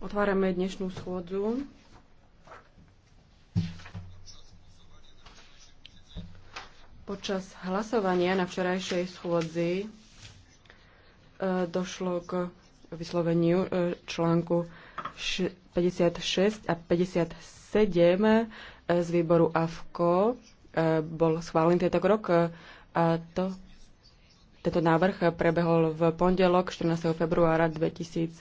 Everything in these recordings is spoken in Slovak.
Otvárame dnešnú schôdzu. Počas hlasovania na včerajšej schôdzi e, došlo k vysloveniu e, článku 56 a 57 e, z výboru AFKO. bol schválený tento krok a to tento návrh prebehol v pondelok 14. februára 2011,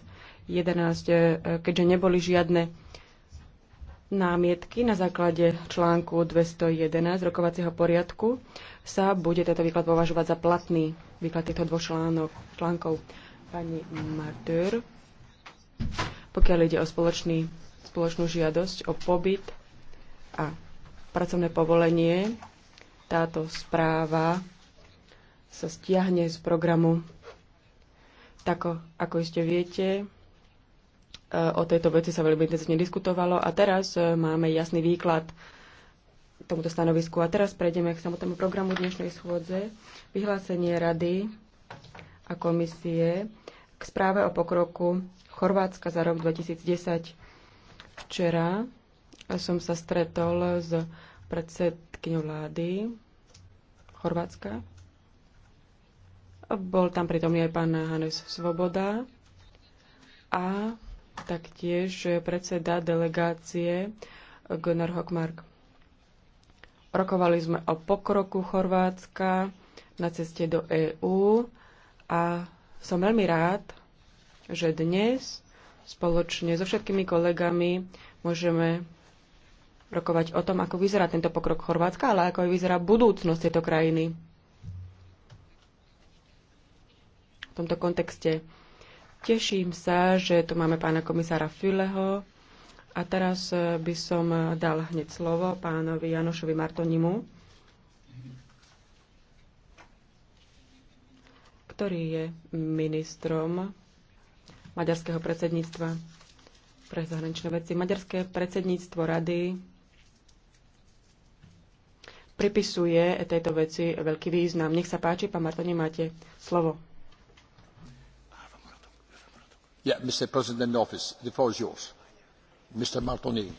e, keďže neboli žiadne námietky na základe článku 211 rokovacieho poriadku sa bude tento výklad považovať za platný výklad týchto dvoch článok, článkov. Pani Martyr, pokiaľ ide o spoločný, spoločnú žiadosť o pobyt a pracovné povolenie, táto správa sa stiahne z programu. Tako, ako ste viete, e, o tejto veci sa veľmi intenzívne diskutovalo a teraz e, máme jasný výklad tomuto stanovisku. A teraz prejdeme k samotnému programu dnešnej schôdze. Vyhlásenie Rady a komisie k správe o pokroku Chorvátska za rok 2010. Včera som sa stretol s predsedkyňou vlády Chorvátska, bol tam pritomný aj pán Hanes Svoboda a taktiež predseda delegácie Gunnar Hockmark. Rokovali sme o pokroku Chorvátska na ceste do EÚ a som veľmi rád, že dnes spoločne so všetkými kolegami môžeme rokovať o tom, ako vyzerá tento pokrok Chorvátska, ale ako aj vyzerá budúcnosť tejto krajiny. v tomto kontexte. Teším sa, že tu máme pána komisára Fileho a teraz e, by som e, dal hneď slovo pánovi Janošovi Martonimu, ktorý je ministrom maďarského predsedníctva pre zahraničné veci. Maďarské predsedníctvo rady pripisuje tejto veci veľký význam. Nech sa páči, pán Martoni, máte slovo. Yeah, Mr. President in office, the floor is yours. Mr. Martoni.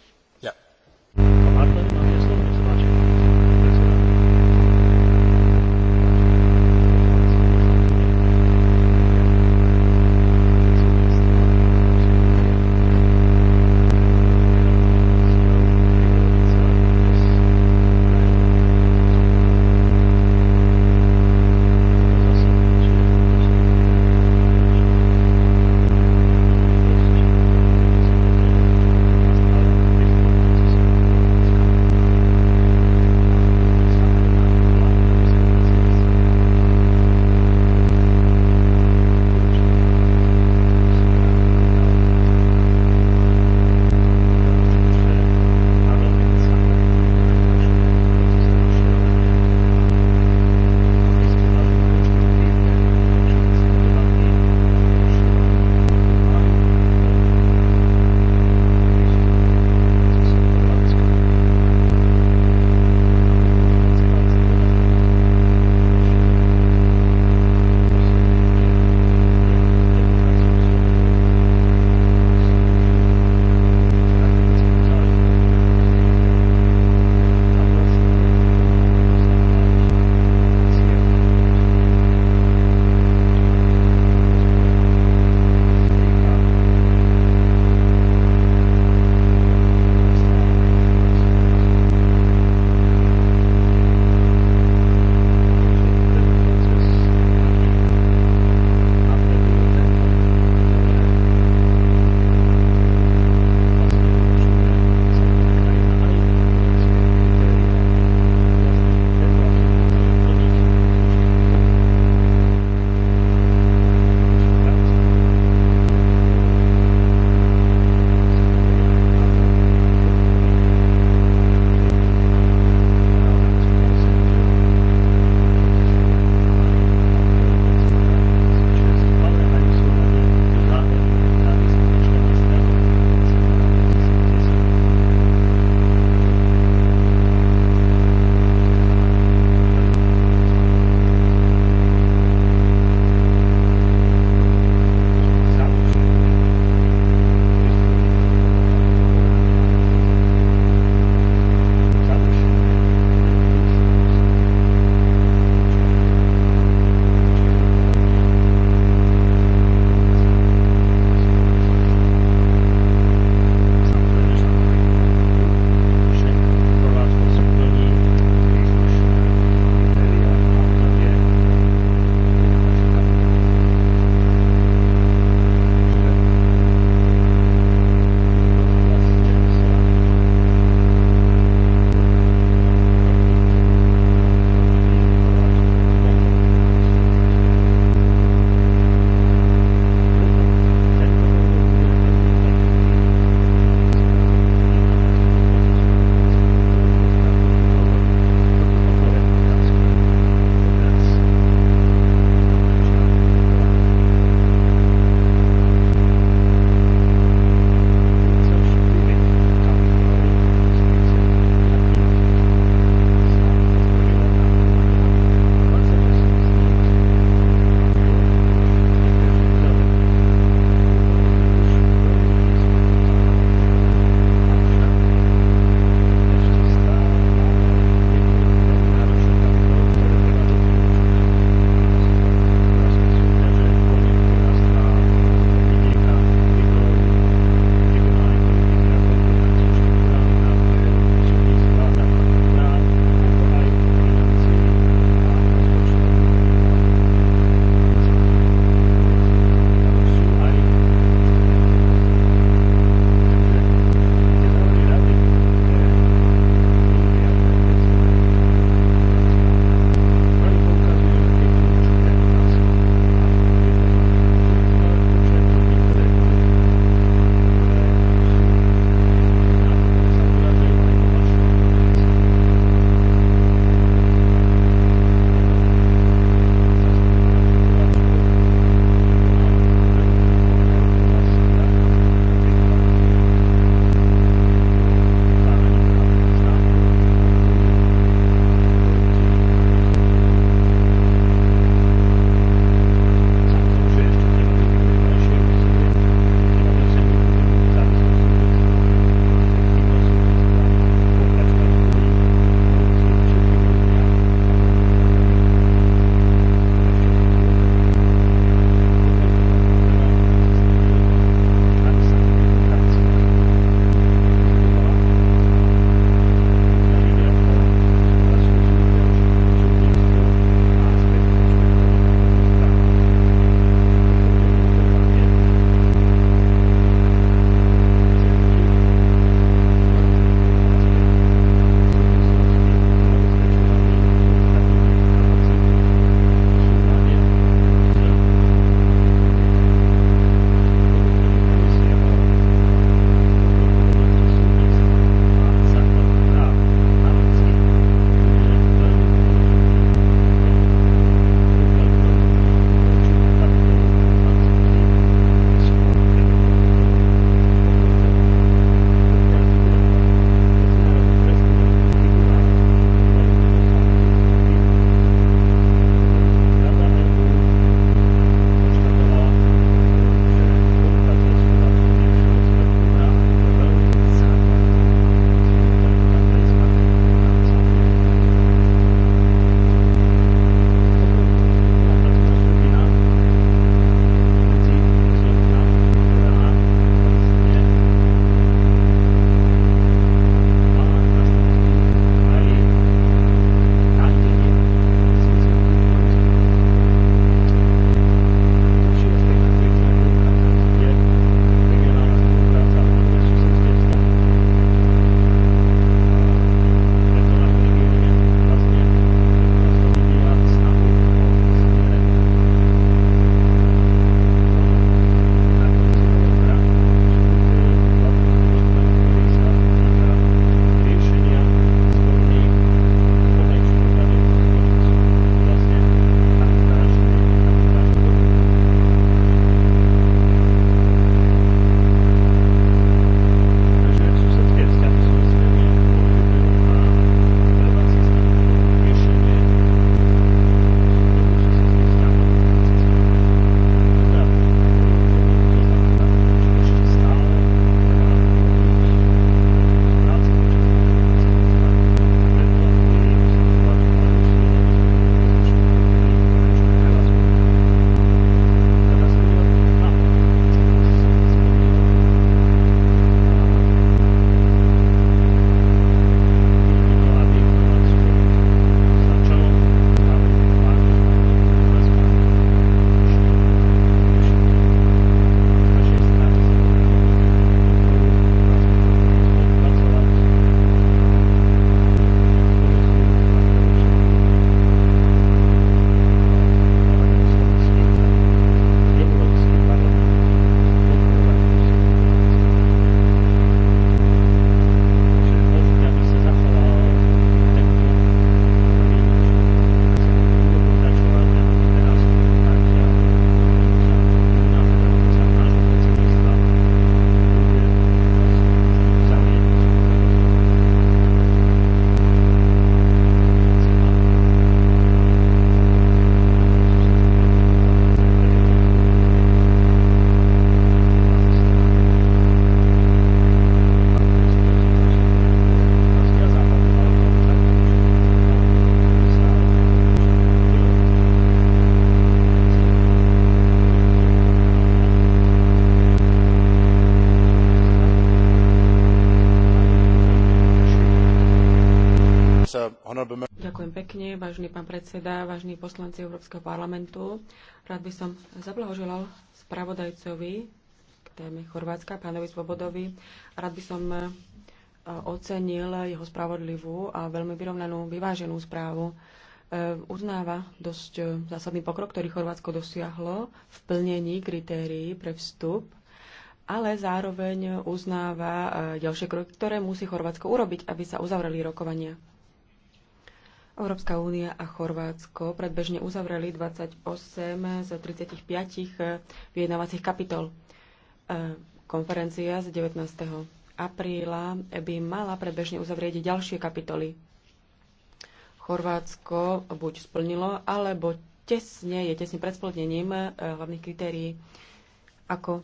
Vážený pán predseda, vážení poslanci Európskeho parlamentu, rád by som zablahoželal spravodajcovi k téme Chorvátska, pánovi Svobodovi. Rád by som e, ocenil jeho spravodlivú a veľmi vyrovnanú, vyváženú správu. E, uznáva dosť e, zásadný pokrok, ktorý Chorvátsko dosiahlo v plnení kritérií pre vstup ale zároveň uznáva ďalšie kroky, ktoré musí Chorvátsko urobiť, aby sa uzavreli rokovania. Európska únia a Chorvátsko predbežne uzavreli 28 z 35 vyjednávacích kapitol. E, konferencia z 19. apríla by mala predbežne uzavrieť ďalšie kapitoly. Chorvátsko buď splnilo, alebo tesne, je tesne pred splnením e, hlavných kritérií, ako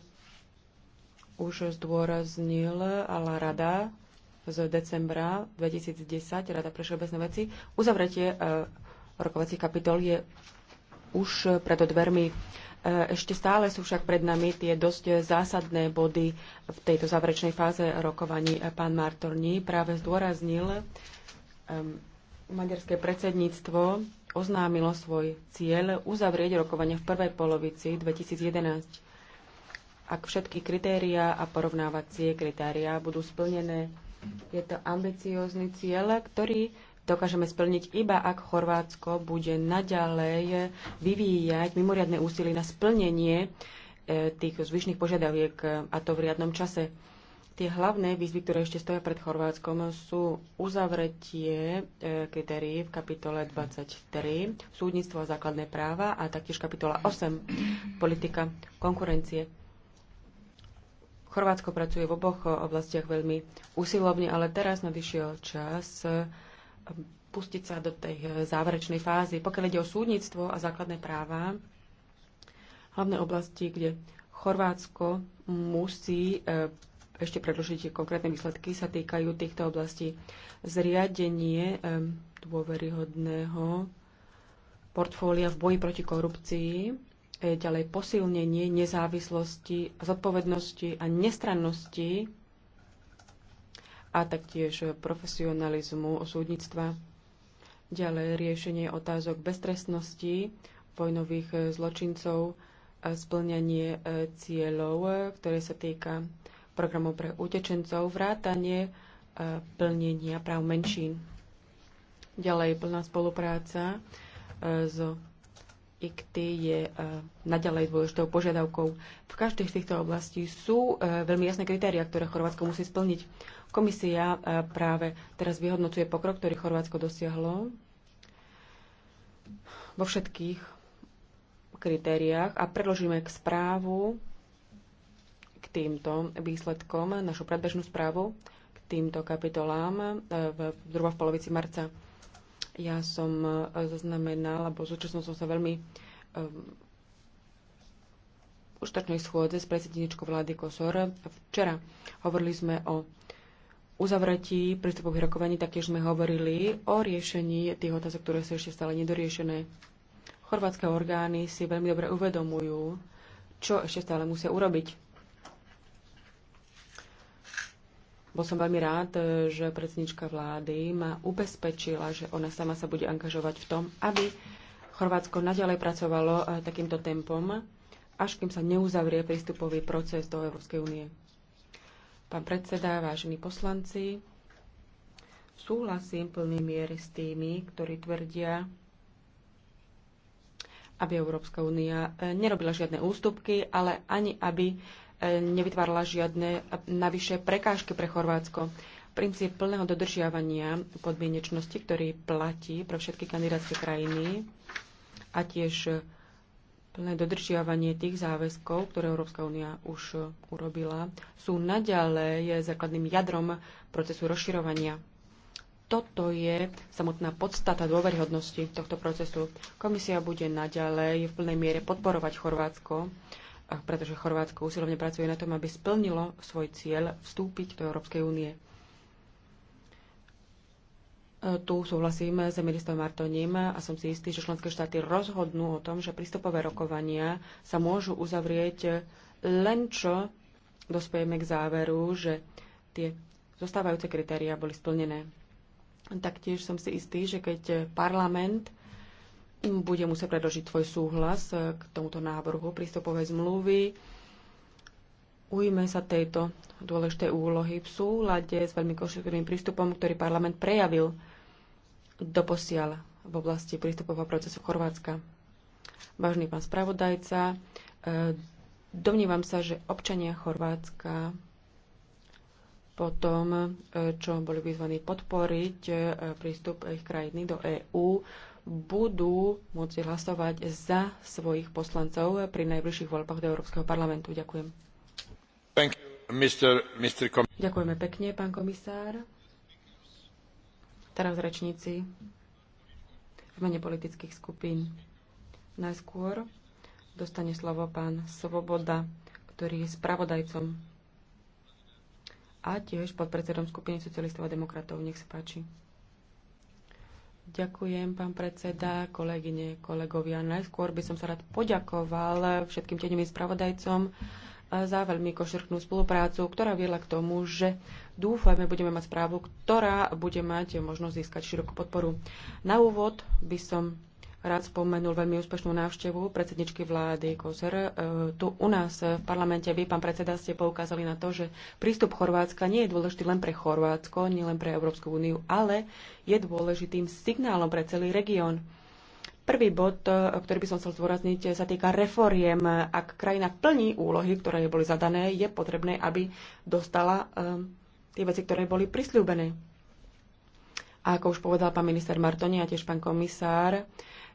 už zdôraznil ale rada z decembra 2010, Rada pre všeobecné veci, uzavretie e, rokovacích kapitol je už preto dvermi. E, ešte stále sú však pred nami tie dosť zásadné body v tejto záverečnej fáze rokovaní. E, pán Martorní práve zdôraznil, maďarské predsedníctvo oznámilo svoj cieľ uzavrieť rokovanie v prvej polovici 2011. Ak všetky kritéria a porovnávacie kritéria budú splnené, je to ambiciózny cieľ, ktorý dokážeme splniť iba ak Chorvátsko bude naďalej vyvíjať mimoriadne úsilie na splnenie e, tých zvyšných požiadaviek a to v riadnom čase. Tie hlavné výzvy, ktoré ešte stoja pred Chorvátskom, sú uzavretie e, kritérií v kapitole 23, súdnictvo a základné práva a taktiež kapitola 8, politika konkurencie. Chorvátsko pracuje v oboch oblastiach veľmi usilovne, ale teraz nadišiel čas eh, pustiť sa do tej eh, záverečnej fázy. Pokiaľ ide o súdnictvo a základné práva, hlavné oblasti, kde Chorvátsko musí eh, ešte predložiť konkrétne výsledky, sa týkajú týchto oblastí. Zriadenie dôveryhodného portfólia v boji proti korupcii, ďalej posilnenie nezávislosti, zodpovednosti a nestrannosti a taktiež profesionalizmu súdnictva. Ďalej riešenie otázok beztrestnosti vojnových zločincov, splňanie e, cieľov, e, ktoré sa týka programov pre utečencov, vrátanie e, plnenia práv menšín. Ďalej plná spolupráca s so ICT je e, naďalej dôležitou požiadavkou. V každej z týchto oblastí sú e, veľmi jasné kritéria, ktoré Chorvátsko musí splniť. Komisia e, práve teraz vyhodnocuje pokrok, ktorý Chorvátsko dosiahlo vo všetkých kritériách a predložíme k správu k týmto výsledkom, našu predbežnú správu k týmto kapitolám v, zhruba v polovici marca ja som e, zaznamenala, alebo zúčastnil som sa veľmi um, e, štačnej schôdze s predsedničkou vlády Kosor. Včera hovorili sme o uzavretí prístupových rokovaní, taktiež sme hovorili o riešení tých otázok, ktoré sú ešte stále nedoriešené. Chorvátske orgány si veľmi dobre uvedomujú, čo ešte stále musia urobiť Bol som veľmi rád, e, že predsednička vlády ma ubezpečila, že ona sama sa bude angažovať v tom, aby Chorvátsko naďalej pracovalo e, takýmto tempom, až kým sa neuzavrie prístupový proces do Európskej únie. Pán predseda, vážení poslanci, súhlasím plný miery s tými, ktorí tvrdia, aby Európska únia e, nerobila žiadne ústupky, ale ani aby nevytvárala žiadne navyše prekážky pre Chorvátsko. Princíp plného dodržiavania podmienečnosti, ktorý platí pre všetky kandidátske krajiny a tiež plné dodržiavanie tých záväzkov, ktoré Európska únia už urobila, sú naďalej základným jadrom procesu rozširovania. Toto je samotná podstata dôveryhodnosti tohto procesu. Komisia bude naďalej v plnej miere podporovať Chorvátsko pretože Chorvátsko usilovne pracuje na tom, aby splnilo svoj cieľ vstúpiť do Európskej únie. E, tu súhlasím s ministrom Martoním a som si istý, že členské štáty rozhodnú o tom, že prístupové rokovania sa môžu uzavrieť len čo dospejeme k záveru, že tie zostávajúce kritéria boli splnené. Taktiež som si istý, že keď parlament bude musieť predložiť tvoj súhlas eh, k tomuto návrhu prístupovej zmluvy. Ujme sa tejto dôležitej úlohy v súlade s veľmi konštruktívnym prístupom, ktorý parlament prejavil doposiaľ v oblasti prístupového procesu Chorvátska. Vážny pán spravodajca, eh, domnívam sa, že občania Chorvátska po tom, eh, čo boli vyzvaní podporiť prístup ich krajiny do EÚ, budú môcť hlasovať za svojich poslancov pri najbližších voľbách do Európskeho parlamentu. Ďakujem. Thank you, Mr. Mr. Com- Ďakujeme pekne, pán komisár. Teraz rečníci v mene politických skupín. Najskôr dostane slovo pán Svoboda, ktorý je spravodajcom a tiež podpredsedom skupiny socialistov a demokratov. Nech sa páči. Ďakujem, pán predseda, kolegyne, kolegovia. Najskôr by som sa rád poďakoval všetkým tieňovým spravodajcom eh, za veľmi košrknú spoluprácu, ktorá viedla k tomu, že dúfajme, budeme mať správu, ktorá bude mať možnosť získať širokú podporu. Na úvod by som rád spomenul veľmi úspešnú návštevu predsedničky vlády Kozer. E, tu u nás v parlamente vy, pán predseda, ste poukázali na to, že prístup Chorvátska nie je dôležitý len pre Chorvátsko, nie len pre Európsku úniu, ale je dôležitým signálom pre celý región. Prvý bod, e, ktorý by som chcel zdôrazniť, sa týka reforiem. Ak krajina plní úlohy, ktoré jej boli zadané, je potrebné, aby dostala e, tie veci, ktoré boli prisľúbené. A ako už povedal pán minister Martoni a tiež pán komisár, uh,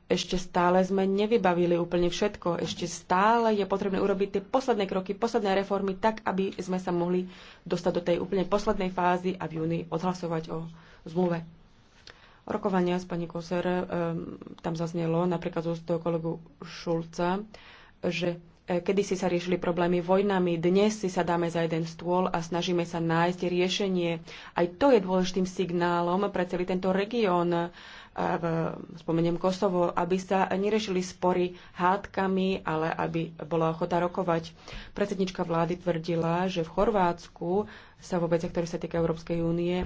ešte stále sme nevybavili úplne všetko. Ešte stále je potrebné urobiť tie posledné kroky, posledné reformy, tak, aby sme sa mohli dostať do tej úplne poslednej fázy a v júni odhlasovať o zmluve. Rokovania s pani Koser, um, tam zaznelo napríklad z toho kolegu Šulca, že e, Kedy si sa riešili problémy vojnami, dnes si sa dáme za jeden stôl a snažíme sa nájsť riešenie. Aj to je dôležitým signálom pre celý tento región spomeniem Kosovo, aby sa neriešili spory hádkami, ale aby bola ochota rokovať. Predsednička vlády tvrdila, že v Chorvátsku sa vo veciach, ktoré sa týka Európskej únie, e,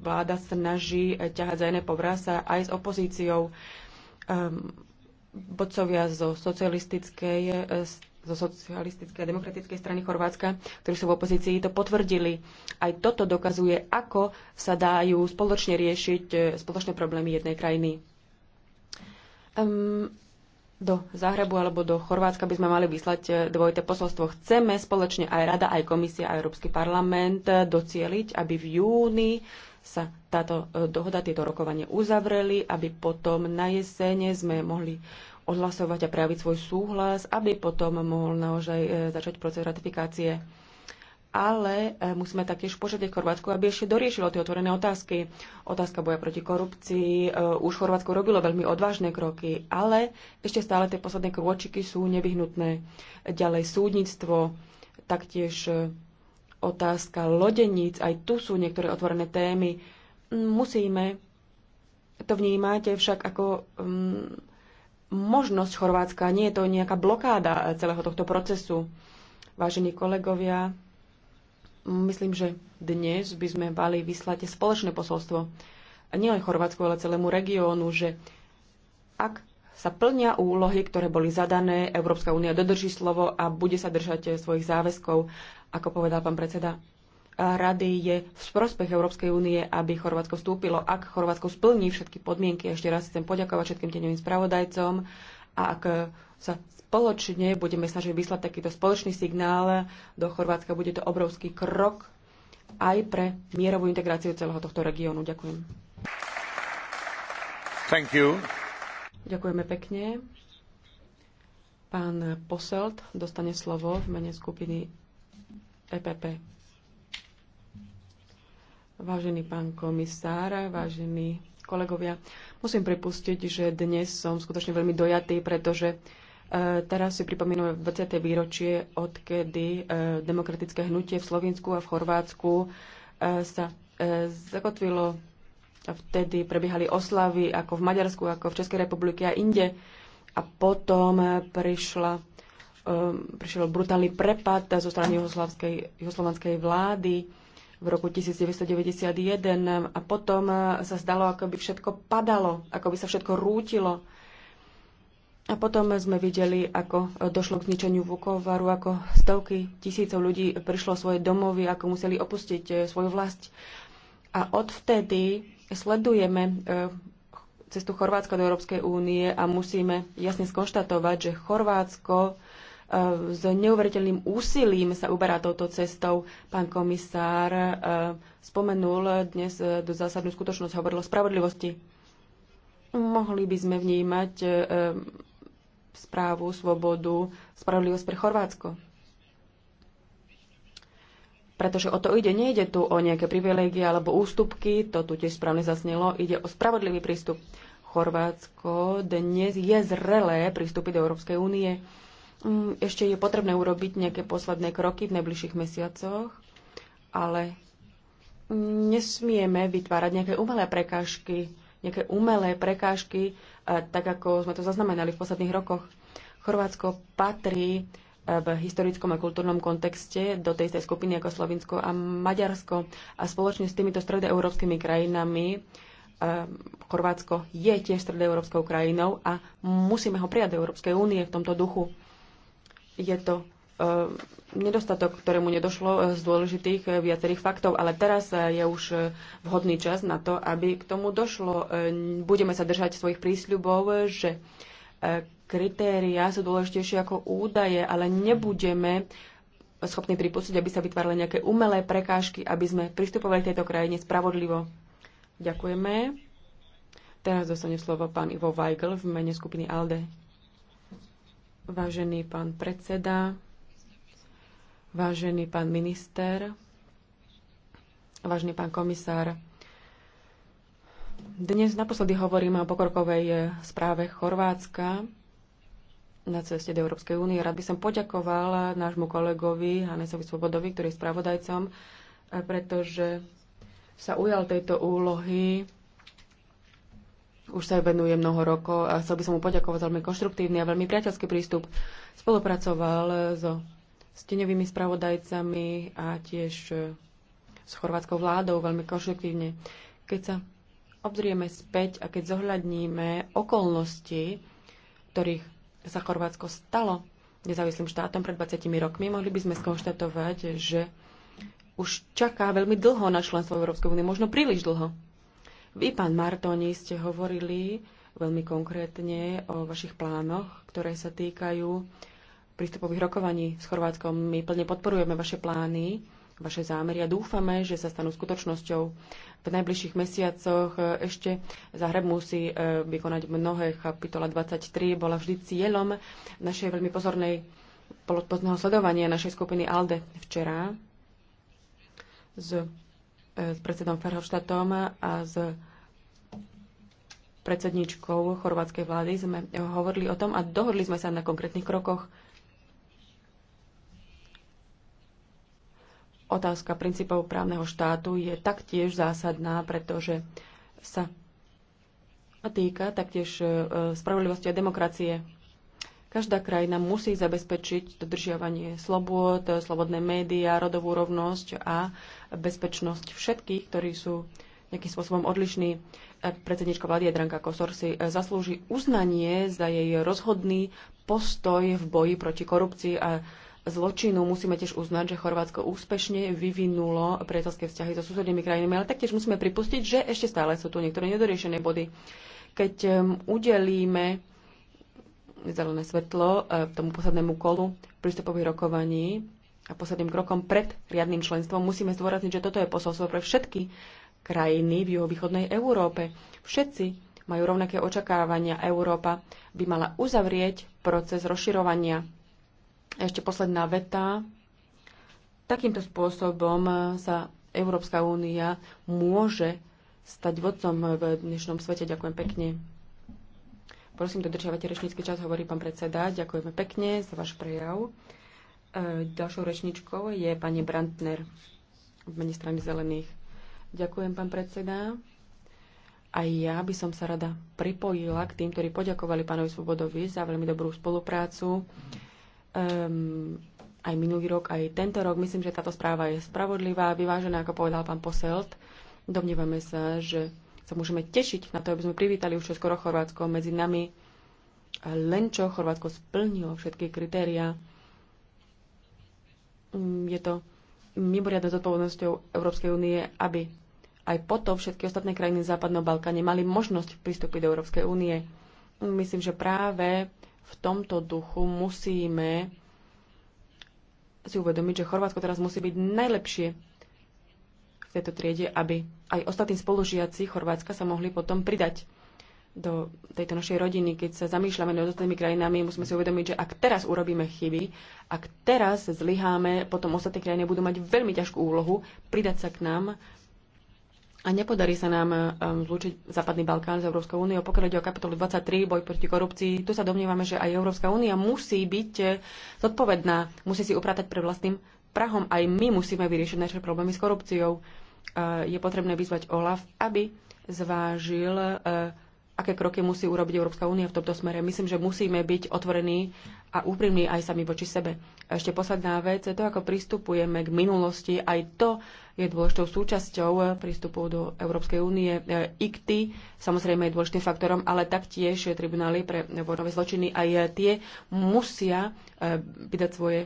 vláda snaží ťahať za iné povrasa aj s opozíciou. Ehm, bodcovia zo socialistickej e, zo socialistickej a demokratickej strany Chorvátska, ktorí sú v opozícii, to potvrdili. Aj toto dokazuje, ako sa dajú spoločne riešiť e, spoločné problémy jednej krajiny. Um, do Záhrebu alebo do Chorvátska by sme mali vyslať e, dvojité posolstvo. Chceme spoločne aj Rada, aj Komisia, aj Európsky parlament e, docieliť, aby v júni sa táto dohoda, tieto rokovanie uzavreli, aby potom na jesene sme mohli odhlasovať a prejaviť svoj súhlas, aby potom mohol naozaj e, začať proces ratifikácie. Ale e, musíme taktiež požiadať Chorvátsku, aby ešte doriešilo tie otvorené otázky. Otázka boja proti korupcii. E, už Chorvátsko robilo veľmi odvážne kroky, ale ešte stále tie posledné krôčiky sú nevyhnutné. Ďalej súdnictvo, taktiež otázka lodeníc, aj tu sú niektoré otvorené témy. Musíme to vnímať, však ako um, možnosť Chorvátska, nie je to nejaká blokáda eh, celého tohto procesu. Vážení kolegovia, myslím, že dnes by sme mali vyslať spoločné posolstvo nielen Chorvátsku, ale celému regiónu, že ak sa plnia úlohy, ktoré boli zadané, Európska únia dodrží slovo a bude sa držať eh, svojich záväzkov, ako povedal pán predseda rady je v prospech Európskej únie, aby Chorvátsko vstúpilo. Ak Chorvátsko splní všetky podmienky, ešte raz chcem poďakovať všetkým tenovým spravodajcom a ak sa spoločne budeme snažiť vyslať takýto spoločný signál do Chorvátska, bude to obrovský krok aj pre mierovú integráciu celého tohto regiónu. Ďakujem. Thank you. Ďakujeme pekne. Pán Poselt dostane slovo v mene skupiny EPP. Vážený pán komisár, vážení kolegovia, musím prepustiť, že dnes som skutočne veľmi dojatý, pretože e, teraz si pripomíname 20. výročie, odkedy e, demokratické hnutie v Slovensku a v Chorvátsku e, sa zakotvilo. Vtedy prebiehali oslavy ako v Maďarsku, ako v Českej republike a inde. A potom prišla, prišiel brutálny prepad zo strany juhoslovanskej vlády v roku 1991 a potom e, sa zdalo, ako by všetko padalo, ako by sa všetko rútilo. A potom sme videli, ako e, došlo k zničeniu Vukovaru, ako stovky tisícov ľudí prišlo svoje domovy, ako museli opustiť e, svoju vlast. A odvtedy sledujeme cestu Chorvátska do Európskej únie a musíme jasne skonštatovať, že Chorvátsko s neuveriteľným úsilím sa uberá touto cestou. Pán komisár e, spomenul dnes e, do zásadnú skutočnosť, hovoril o spravodlivosti. Mohli by sme vnímať e, správu, svobodu, spravodlivosť pre Chorvátsko. Pretože o to ide, nejde tu o nejaké privilégie alebo ústupky, to tu tiež správne zasnelo, ide o spravodlivý prístup. Chorvátsko dnes je zrelé prístupy do Európskej únie Mm, ešte je potrebné urobiť nejaké posledné kroky v najbližších mesiacoch, ale nesmieme vytvárať nejaké umelé prekážky, nejaké umelé prekážky, e, tak ako sme to zaznamenali v posledných rokoch. Chorvátsko patrí e, v historickom a kultúrnom kontexte do tej istej skupiny ako Slovinsko a Maďarsko. A spoločne s týmito stredoeurópskymi krajinami e, Chorvátsko je tiež stredoeurópskou krajinou a musíme ho prijať do Európskej únie v tomto duchu je to eh, nedostatok, ktorému nedošlo eh, z dôležitých eh, viacerých faktov, ale teraz je už vhodný čas na to, aby k tomu došlo. Budeme sa držať svojich prísľubov, že kritéria sú dôležitejšie ako údaje, ale nebudeme schopní pripustiť, aby sa vytvárali nejaké umelé prekážky, aby sme pristupovali k tejto krajine spravodlivo. Ďakujeme. Teraz dostane slovo pán Ivo Weigl v mene skupiny ALDE. Vážený pán predseda, vážený pán minister, vážený pán komisár, dnes naposledy hovoríme o pokrokovej eh, správe Chorvátska na ceste do Európskej únie. Rád by som poďakovala eh, nášmu kolegovi Hanesovi Svobodovi, ktorý je spravodajcom, eh, pretože sa ujal tejto úlohy už sa venuje mnoho rokov a chcel by som mu poďakovať za veľmi konštruktívny a veľmi priateľský prístup. Spolupracoval so steňovými spravodajcami a tiež e, s chorvátskou vládou veľmi konštruktívne. Keď sa obzrieme späť a keď zohľadníme okolnosti, ktorých sa Chorvátsko stalo nezávislým štátom pred 20 rokmi, mohli by sme skonštatovať, že už čaká veľmi dlho na členstvo v Európskej únie, možno príliš dlho. Vy, pán Martoni, ste hovorili veľmi konkrétne o vašich plánoch, ktoré sa týkajú prístupových rokovaní s Chorvátskom. My plne podporujeme vaše plány, vaše zámery a dúfame, že sa stanú skutočnosťou. V najbližších mesiacoch ešte Zahreb musí e, vykonať mnohé. Kapitola 23 bola vždy cieľom našej veľmi pozornej podpozného sledovania našej skupiny ALDE včera s s predsedom Ferhoštátom a s predsedničkou chorvátskej vlády sme hovorili o tom a dohodli sme sa na konkrétnych krokoch. Otázka princípov právneho štátu je taktiež zásadná, pretože sa týka taktiež e, spravodlivosti a demokracie. Každá krajina musí zabezpečiť dodržiavanie slobôd, slobodné médiá, rodovú rovnosť a bezpečnosť všetkých, ktorí sú nejakým spôsobom odlišní. Predsednička vlády Jadranka Kosor si zaslúži uznanie za jej rozhodný postoj v boji proti korupcii a zločinu musíme tiež uznať, že Chorvátsko úspešne vyvinulo priateľské vzťahy so susednými krajinami, ale taktiež musíme pripustiť, že ešte stále sú tu niektoré nedoriešené body. Keď um, udelíme zelené svetlo uh, tomu poslednému kolu prístupových rokovaní a posledným krokom pred riadnym členstvom, musíme zdôrazniť, že toto je posolstvo pre všetky krajiny v juhovýchodnej Európe. Všetci majú rovnaké očakávania. Európa by mala uzavrieť proces rozširovania. A ešte posledná veta. Takýmto spôsobom sa Európska únia môže stať vodcom v dnešnom svete. Ďakujem pekne. Prosím, dodržiavate rečnícky čas, hovorí pán predseda. Ďakujeme pekne za váš prejav. E, ďalšou rečničkou je pani Brantner v mene strany zelených. Ďakujem, pán predseda. A ja by som sa rada pripojila k tým, ktorí poďakovali pánovi Svobodovi za veľmi dobrú spoluprácu. Um, aj minulý rok, aj tento rok. Myslím, že táto správa je spravodlivá, vyvážená, ako povedal pán Poselt. Domnievame sa, že sa môžeme tešiť na to, aby sme privítali už skoro Chorvátsko medzi nami. Len čo Chorvátsko splnilo všetky kritériá, Mm, je to mimoriadnou zodpovednosťou Európskej únie, aby aj potom všetky ostatné krajiny v Západnom Balkáne mali možnosť pristúpiť do Európskej únie. Myslím, že práve v tomto duchu musíme si uvedomiť, že Chorvátsko teraz musí byť najlepšie v tejto triede, aby aj ostatní spolužiaci Chorvátska sa mohli potom pridať do tejto našej rodiny, keď sa zamýšľame nad ostatnými krajinami, musíme si uvedomiť, že ak teraz urobíme chyby, ak teraz zlyháme, potom ostatné krajiny budú mať veľmi ťažkú úlohu pridať sa k nám a nepodarí sa nám um, zlúčiť Západný Balkán z Európskou úniou. Pokiaľ ide o kapitolu 23, boj proti korupcii, tu sa domnievame, že aj Európska únia musí byť eh, zodpovedná, musí si upratať pre vlastným prahom. Aj my musíme vyriešiť naše problémy s korupciou. Eh, je potrebné vyzvať OLAF, aby zvážil eh, aké kroky musí urobiť Európska únia v tomto smere. Myslím, že musíme byť otvorení a úprimní aj sami voči sebe. A ešte posledná vec, to, ako pristupujeme k minulosti, aj to je dôležitou súčasťou prístupu do Európskej únie. E, ICTY samozrejme je dôležitým faktorom, ale taktiež tribunály pre vojnové zločiny aj tie musia e, vydať svoje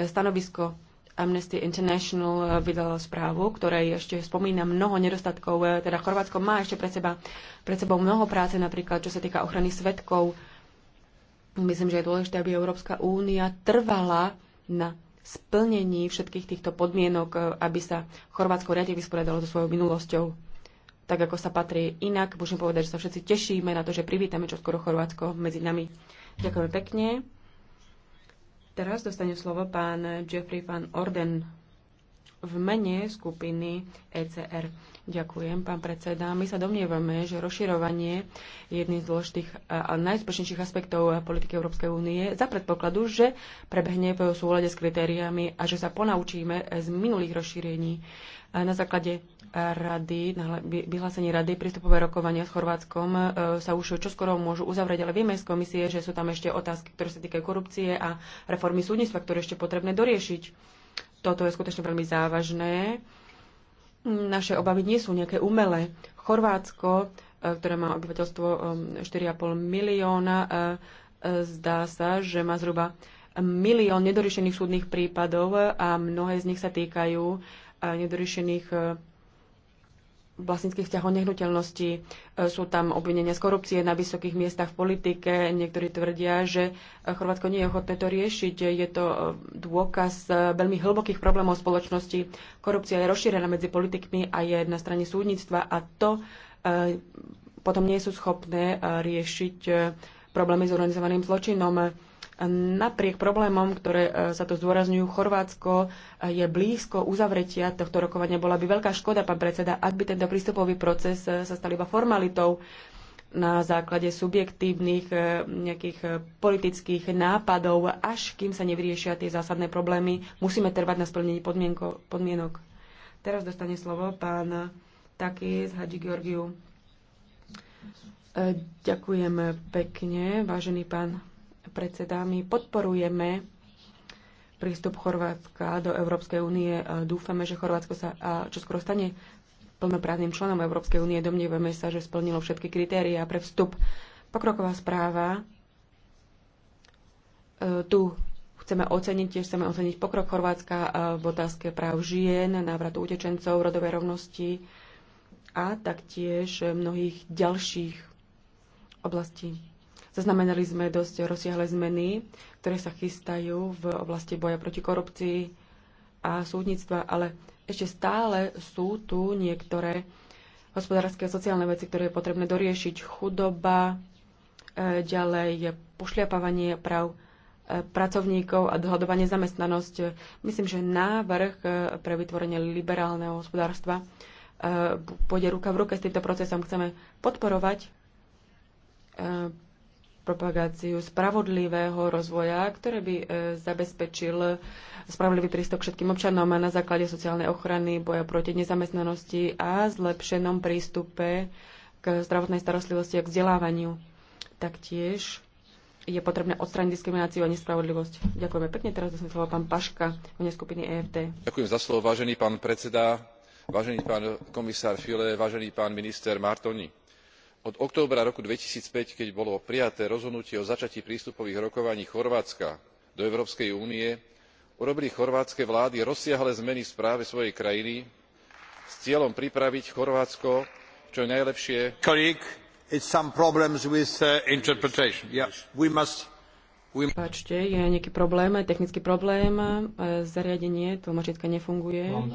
stanovisko Amnesty International eh, vydala správu, ktorej ešte spomína mnoho nedostatkov. Eh, teda Chorvátsko má ešte pred, seba, pred sebou mnoho práce, napríklad čo sa týka ochrany svetkov. Myslím, že je dôležité, aby Európska únia trvala na splnení všetkých týchto podmienok, eh, aby sa Chorvátsko riadne vysporiadalo so svojou minulosťou tak, ako sa patrí inak. Môžem povedať, že sa všetci tešíme na to, že privítame skoro Chorvátsko medzi nami. Ďakujem pekne. Teraz dostane slovo pán Jeffrey van Orden v mene skupiny ECR. Ďakujem, pán predseda. My sa domnievame, že rozširovanie je jedným z dôležitých a najúspešnejších aspektov politiky Európskej únie za predpokladu, že prebehne v súlade s kritériami a že sa ponaučíme z minulých rozšírení. Na základe rady, na vyhlásení rady prístupové rokovania s Chorvátskom e, sa už čoskoro môžu uzavrieť, ale vieme z komisie, že sú tam ešte otázky, ktoré sa týkajú korupcie a reformy súdnictva, ktoré ešte potrebné doriešiť. Toto je skutočne veľmi závažné naše obavy nie sú nejaké umelé. Chorvátsko, e, ktoré má obyvateľstvo 4,5 e, milióna, e, zdá sa, že má zhruba milión nedoriešených súdnych prípadov a mnohé z nich sa týkajú nedoriešených vlastníckých vzťahov nehnuteľnosti. E, sú tam obvinenia z korupcie na vysokých miestach v politike. Niektorí tvrdia, že e, Chorvátsko nie je ochotné to riešiť. Je to e, dôkaz veľmi hlbokých problémov spoločnosti. Korupcia je rozšírená medzi politikmi a je na strane súdnictva a to potom nie sú schopné riešiť problémy s organizovaným zločinom. Napriek problémom, ktoré e, sa to zdôrazňujú, Chorvátsko e, je blízko uzavretia tohto rokovania. Bola by veľká škoda, pán predseda, ak by tento prístupový proces e, sa stal iba formalitou na základe subjektívnych nejakých politických nápadov, až kým sa nevyriešia tie zásadné problémy. Musíme trvať na splnení podmienok. Teraz dostane slovo pán z Hadži Georgiu. Ďakujem pekne, vážený pán predsedami podporujeme prístup Chorvátska do Európskej únie. Dúfame, že Chorvátsko sa čoskoro stane plnoprávnym členom Európskej únie. Domnievame sa, že splnilo všetky kritériá pre vstup. Pokroková správa e, tu chceme oceniť, tiež chceme oceniť pokrok Chorvátska e, v otázke práv žien, návratu utečencov, rodovej rovnosti a taktiež mnohých ďalších oblastí. Zaznamenali sme dosť rozsiahle zmeny, ktoré sa chystajú v oblasti boja proti korupcii a súdnictva, ale ešte stále sú tu niektoré hospodárske a sociálne veci, ktoré je potrebné doriešiť. Chudoba, e, ďalej je pošliapávanie práv e, pracovníkov a dohľadovanie zamestnanosť. Myslím, že návrh e, pre vytvorenie liberálneho hospodárstva pôjde ruka v ruke s týmto procesom. Chceme podporovať propagáciu spravodlivého rozvoja, ktoré by e, zabezpečil spravodlivý prístup všetkým občanom na základe sociálnej ochrany, boja proti nezamestnanosti a zlepšenom prístupe k zdravotnej starostlivosti a k vzdelávaniu. Taktiež je potrebné odstrániť diskrimináciu a nespravodlivosť. Ďakujeme pekne. Teraz dostane slovo pán Paška v skupiny EFT. Ďakujem za slovo, vážený pán predseda, vážený pán komisár File, vážený pán minister Martoni od októbra roku two thousand and five keď bolo prijaté rozhodnutie o začatí prístupových rokovaní chorvátska do európskej únie urobili chorvátske vlády rozsiahle zmeny v správe svojej krajiny s cieľom pripraviť chorvátsko čo najlepšie uh, je nejaký problém technický problém e, zariadenie nefunguje no,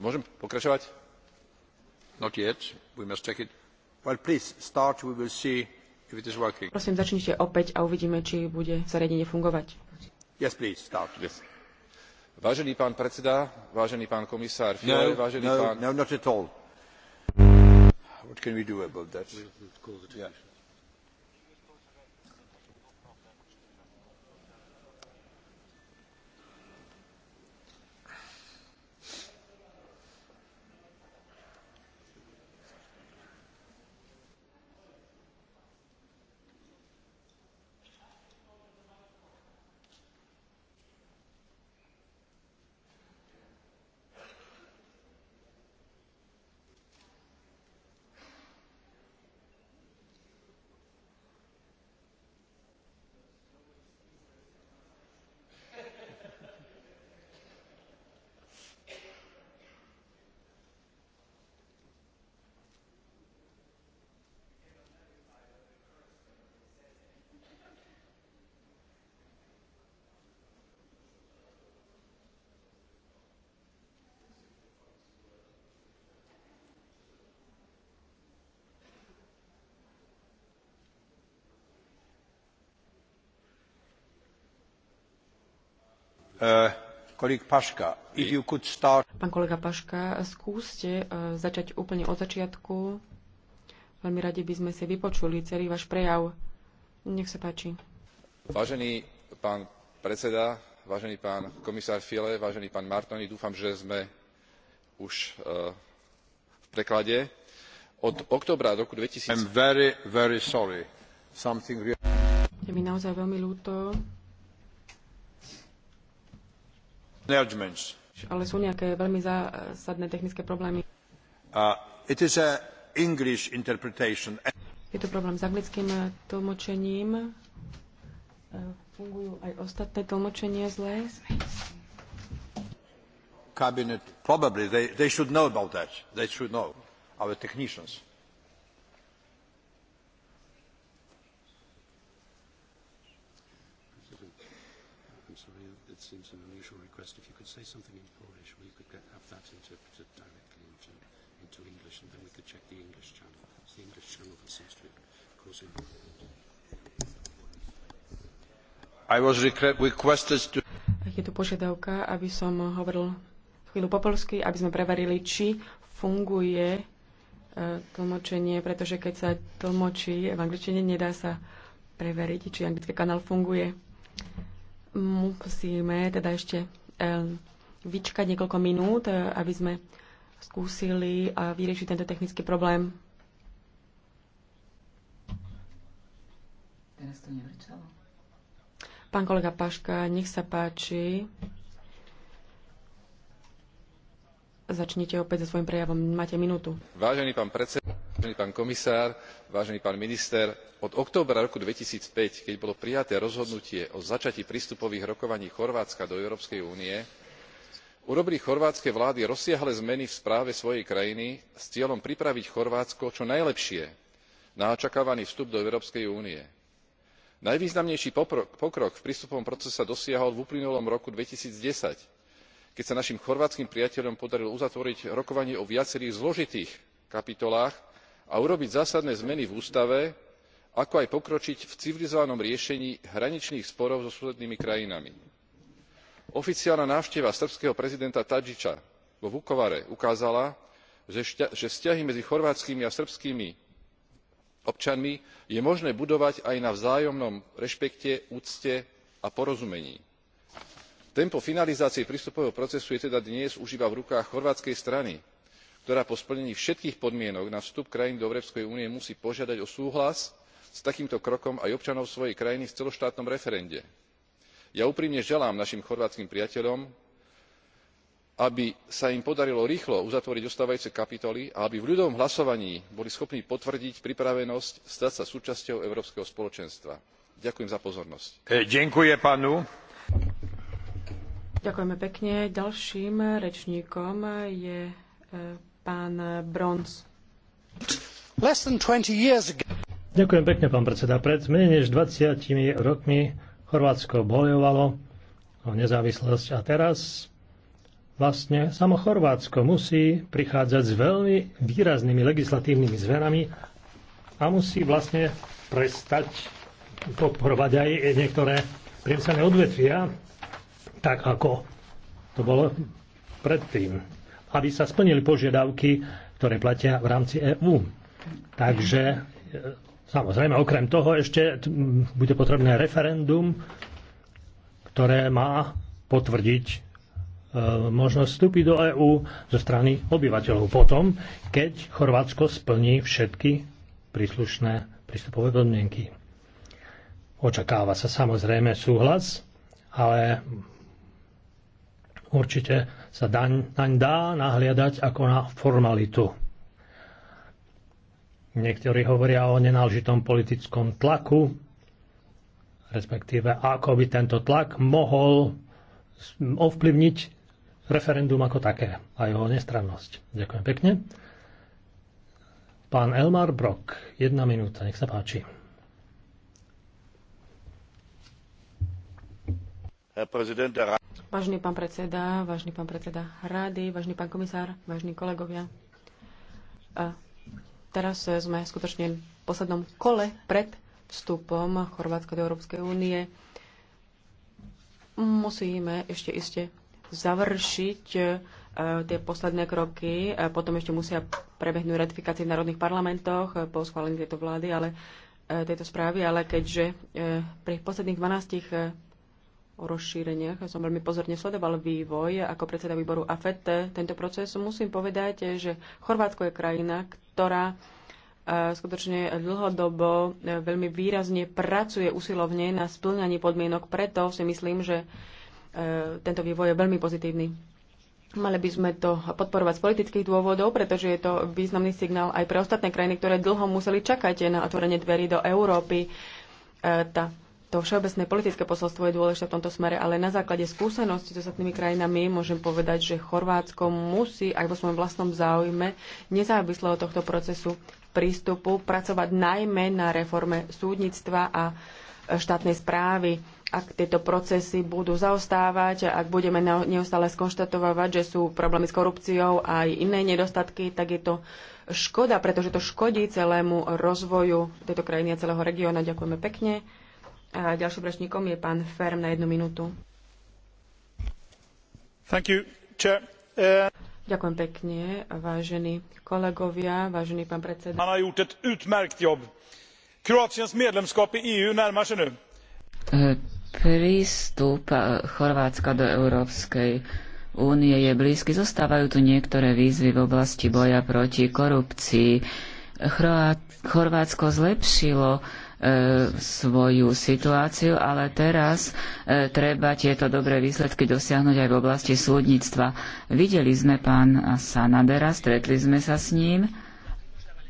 môžem pokračovať? Not yet. We must check it. Well, please start. We will see if it is working. Prosím, začnite opäť a uvidíme, či bude zariadenie fungovať. Yes, please start. Yes. Vážený pán predseda, vážený pán komisár, no, vážený no, pán... No, not at all. What can we do about that? We'll call the yeah. Uh, pán kolega Paška, skúste uh, začať úplne od začiatku. Veľmi radi by sme si vypočuli celý váš prejav. Nech sa páči. Vážený pán predseda, vážený pán komisár File, vážený pán Martoni, dúfam, že sme už uh, v preklade. Od oktobra roku 2000... I'm very, very sorry. Something... Je mi naozaj veľmi ľúto, Ale sú nejaké veľmi zásadné technické problémy. Je to problém s anglickým tlmočením. E, fungujú aj ostatné tlmočenie zlé. Cabinet, probably, they, they should know about that. They should know, our technicians. could say something in Polish, we could get, have that interpreted directly into, into English, and then we could check the English channel. It's the English channel that seems to be causing. I was requested to... Je tu požiadavka, aby som hovoril chvíľu po polsky, aby sme preverili, či funguje e, tlmočenie, pretože keď sa tlmočí v angličtine, nedá sa preveriť, či anglický kanál funguje. Musíme teda ešte Eh, vyčkať niekoľko minút, eh, aby sme skúsili eh, vyriešiť tento technický problém. Teraz to nevrčalo. Pán kolega Paška, nech sa páči. Začnite opäť so svojím prejavom. Máte minútu. Vážený pán predseda od októbra roku two thousand and five keď bolo prijaté rozhodnutie o začatí prístupových rokovaní chorvátska do európskej únie urobili chorvátske vlády rozsiahle zmeny v správe svojej krajiny s cieľom pripraviť chorvátsko čo najlepšie na očakávaný vstup do európskej únie. najvýznamnejší pokrok v prístupovom procese sa dosiahol v uplynulom roku two thousand and ten keď sa našim chorvátskym priateľom podarilo uzatvoriť rokovanie o viacerých zložitých kapitolách a urobiť zásadné zmeny v ústave ako aj pokročiť v civilizovanom riešení hraničných sporov so susednými krajinami. oficiálna návšteva srbského prezidenta tadiča vo vukovare ukázala že vzťahy medzi chorvátskymi a srbskými občanmi je možné budovať aj na vzájomnom rešpekte úcte a porozumení. tempo finalizácie prístupového procesu je teda dnes už iba v rukách chorvátskej strany ktorá po splnení všetkých podmienok na vstup krajiny do európskej únie musí požiadať o súhlas s takýmto krokom aj občanov svojej krajiny v celoštátnom referende. ja úprimne želám našim chorvátskym priateľom aby sa im podarilo rýchlo uzatvoriť ostávajúce kapitoly a aby v ľudovom hlasovaní boli schopní potvrdiť pripravenosť stať sa súčasťou európskeho spoločenstva. ďakujem za pozornosť. E, Ďakujeme pekne. Ďalším rečníkom je e, Pán Ďakujem pekne, pán predseda. Pred menej než 20 rokmi Chorvátsko bojovalo o nezávislosť a teraz vlastne samo Chorvátsko musí prichádzať s veľmi výraznými legislatívnymi zmenami a musí vlastne prestať podporovať aj niektoré priemyselné odvetvia, tak ako to bolo predtým aby sa splnili požiadavky, ktoré platia v rámci EÚ. Takže e, samozrejme, okrem toho ešte bude potrebné referendum, ktoré má potvrdiť e, možnosť vstúpiť do EÚ zo strany obyvateľov potom, keď Chorvátsko splní všetky príslušné prístupové podmienky. Očakáva sa samozrejme súhlas, ale určite sa daň, daň dá nahliadať ako na formalitu. Niektorí hovoria o nenáležitom politickom tlaku, respektíve ako by tento tlak mohol ovplyvniť referendum ako také a jeho nestrannosť. Ďakujem pekne. Pán Elmar Brok, jedna minúta, nech sa páči. Vážený pán predseda, vážený pán predseda rady, vážený pán komisár, vážení kolegovia. teraz sme skutočne v poslednom kole pred vstupom Chorvátska do Európskej únie. Musíme ešte iste završiť e, tie posledné kroky. Potom ešte musia prebehnúť ratifikácie v národných parlamentoch e, po schválení tejto vlády, ale e, tejto správy, ale keďže pri posledných 12 o rozšíreniach. Ja som veľmi pozorne sledoval vývoj ako predseda výboru AFET. Eh, tento proces musím povedať, eh, že Chorvátsko je krajina, ktorá eh, skutočne dlhodobo veľmi výrazne pracuje usilovne na splňaní podmienok. Preto si myslím, že tento vývoj je veľmi pozitívny. Mali by sme to podporovať z politických dôvodov, pretože je to významný signál aj pre ostatné krajiny, ktoré dlho museli čakať na otvorenie dverí do Európy. Tá to všeobecné politické posolstvo je dôležité v tomto smere, ale na základe skúseností s ostatnými krajinami môžem povedať, že Chorvátsko musí aj vo svojom vlastnom záujme, nezávisle od tohto procesu prístupu, pracovať najmä na reforme súdnictva a e, štátnej správy. Ak tieto procesy budú zaostávať, ak budeme neustále skonštatovať, že sú problémy s korupciou a aj iné nedostatky, tak je to škoda, pretože to škodí celému rozvoju tejto krajiny a celého regióna. Ďakujeme pekne. A ďalším rečníkom je pán Ferm na jednu minútu. Thank you, chair. Eh, Ďakujem pekne, vážení kolegovia, vážený pán predseda. Han har gjort ett utmärkt jobb. Kroatiens medlemskap i EU närmar sig nu. Eh, prístup eh, Chorvátska do Európskej únie je blízky. Zostávajú tu niektoré výzvy v oblasti boja proti korupcii. Chorvátsko zlepšilo E, svoju situáciu, ale teraz e, treba tieto dobré výsledky dosiahnuť aj v oblasti súdnictva. Videli sme pán Sanadera, stretli sme sa s ním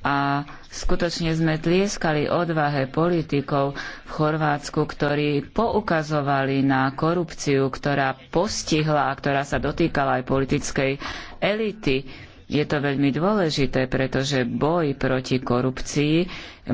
a skutočne sme tlieskali odvahe politikov v Chorvátsku, ktorí poukazovali na korupciu, ktorá postihla a ktorá sa dotýkala aj politickej elity. Je to veľmi dôležité, pretože boj proti korupcii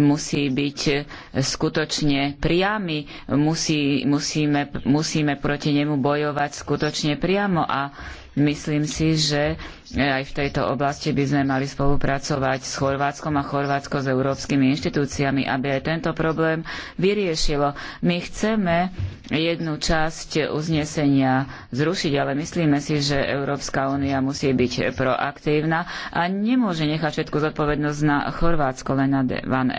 musí byť e, skutočne priamy, musí, musíme, musíme proti nemu bojovať skutočne priamo a myslím si, že e, aj v tejto oblasti by sme mali spolupracovať s Chorvátskom a Chorvátsko s európskymi inštitúciami, aby aj tento problém vyriešilo. My chceme jednu časť uznesenia zrušiť, ale myslíme si, že Európska únia musí byť proaktívna a nemôže nechať všetku zodpovednosť na Chorvátsko, len na Van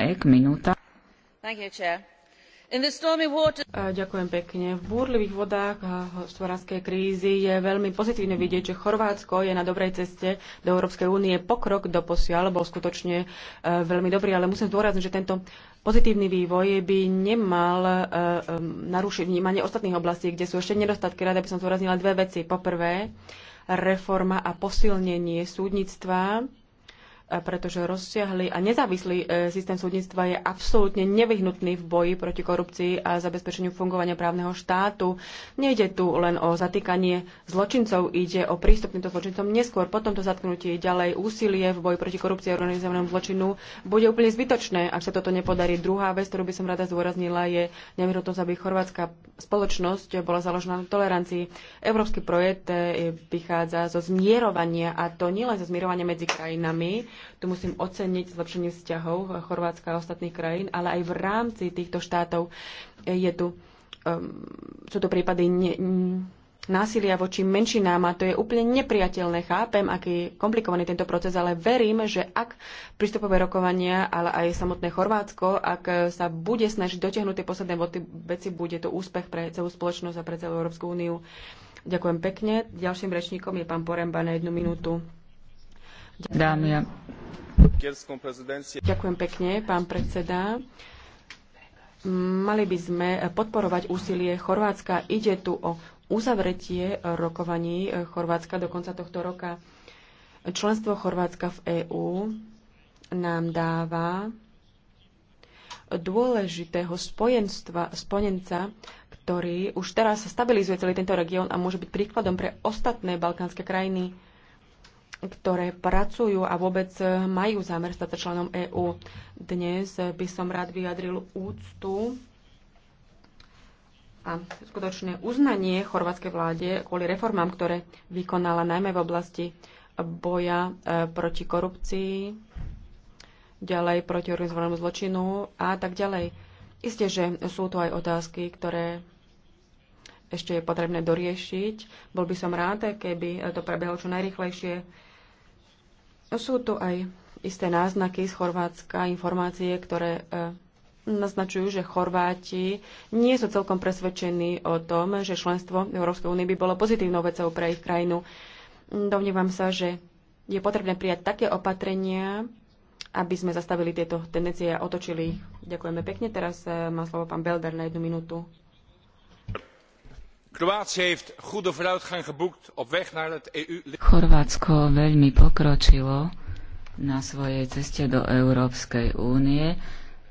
Ďakujem pekne. V búrlivých vodách hospodárskej krízy je veľmi pozitívne vidieť, že Chorvátsko je na dobrej ceste do Európskej únie. Pokrok do posiaľ bol skutočne e, veľmi dobrý, ale musím zdôrazniť, že tento pozitívny vývoj by nemal e, narušiť vnímanie ostatných oblastí, kde sú ešte nedostatky. Rada by som zdôraznila dve veci. Poprvé, reforma a posilnenie súdnictva E, pretože rozsiahly a nezávislý e, systém súdnictva je absolútne nevyhnutný v boji proti korupcii a zabezpečeniu fungovania právneho štátu. Nejde tu len o zatýkanie zločincov, ide o prístup týmto zločincom neskôr. Po tomto zatknutí ďalej úsilie v boji proti korupcii a organizovanému zločinu bude úplne zbytočné, ak sa toto nepodarí. Druhá vec, ktorú by som rada zdôraznila, je nevyhnutnosť, aby chorvátska spoločnosť bola založená na tolerancii. Európsky projekt e, vychádza zo zmierovania a to nielen zo zmierovania medzi krajinami, tu musím oceniť zlepšenie vzťahov Chorvátska a ostatných krajín, ale aj v rámci týchto štátov je tu, um, sú to prípady ne, násilia voči menšinám a to je úplne nepriateľné. Chápem, aký je komplikovaný tento proces, ale verím, že ak prístupové rokovania, ale aj samotné Chorvátsko, ak sa bude snažiť dotiahnuť tie posledné veci, bude to úspech pre celú spoločnosť a pre celú Európsku úniu. Ďakujem pekne. Ďalším rečníkom je pán Poremba na jednu minútu. Dámy Ďakujem pekne, pán predseda. Mali by sme podporovať úsilie Chorvátska. Ide tu o uzavretie rokovaní Chorvátska do konca tohto roka. Členstvo Chorvátska v EÚ nám dáva dôležitého spojenstva, spojenca, ktorý už teraz stabilizuje celý tento región a môže byť príkladom pre ostatné balkánske krajiny ktoré pracujú a vôbec eh, majú zámer stať sa členom EÚ. Dnes eh, by som rád vyjadril úctu a skutočné uznanie chorvátskej vláde kvôli reformám, ktoré vykonala najmä v oblasti boja eh, proti korupcii, ďalej proti organizovanému zločinu a tak ďalej. Isté, že sú tu aj otázky, ktoré ešte je potrebné doriešiť. Bol by som rád, keby to prebehlo čo najrychlejšie sú tu aj isté náznaky z Chorvátska, informácie, ktoré e, naznačujú, že Chorváti nie sú celkom presvedčení o tom, že členstvo Európskej únie by bolo pozitívnou vecou pre ich krajinu. Domnievam sa, že je potrebné prijať také opatrenia, aby sme zastavili tieto tendencie a otočili ich. Ďakujeme pekne. Teraz e, má slovo pán Belder na jednu minútu. E Chorvátsko veľmi pokročilo na svojej ceste do Európskej únie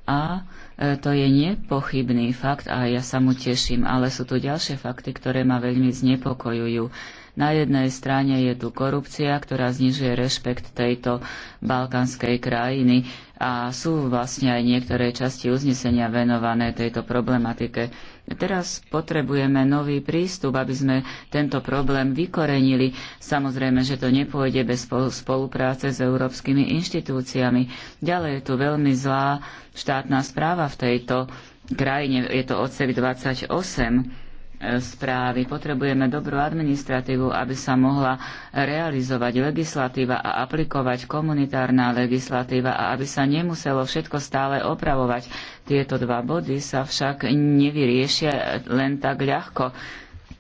a e, to je nepochybný fakt a ja sa mu teším, ale sú tu ďalšie fakty, ktoré ma veľmi znepokojujú. Na jednej strane je tu korupcia, ktorá znižuje rešpekt tejto balkánskej krajiny a sú vlastne aj niektoré časti uznesenia venované tejto problematike. Teraz potrebujeme nový prístup, aby sme tento problém vykorenili. Samozrejme, že to nepôjde bez spolupráce s európskymi inštitúciami. Ďalej je tu veľmi zlá štátna správa v tejto krajine. Je to odsek 28 E, správy. Potrebujeme dobrú administratívu, aby sa mohla realizovať legislatíva a aplikovať komunitárna legislatíva a aby sa nemuselo všetko stále opravovať. Tieto dva body sa však nevyriešia len tak ľahko.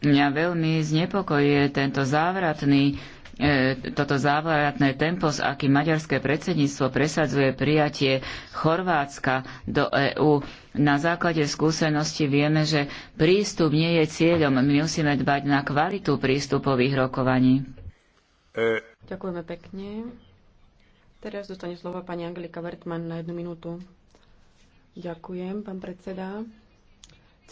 Mňa veľmi znepokojuje tento závratný e, toto závratné tempo, s akým maďarské predsedníctvo presadzuje prijatie Chorvátska do EÚ na základe skúsenosti vieme, že prístup nie je cieľom. My musíme dbať na kvalitu prístupových rokovaní. E... Ďakujeme pekne. Teraz dostane slovo pani Angelika Vertman na jednu minútu. Ďakujem, pán predseda.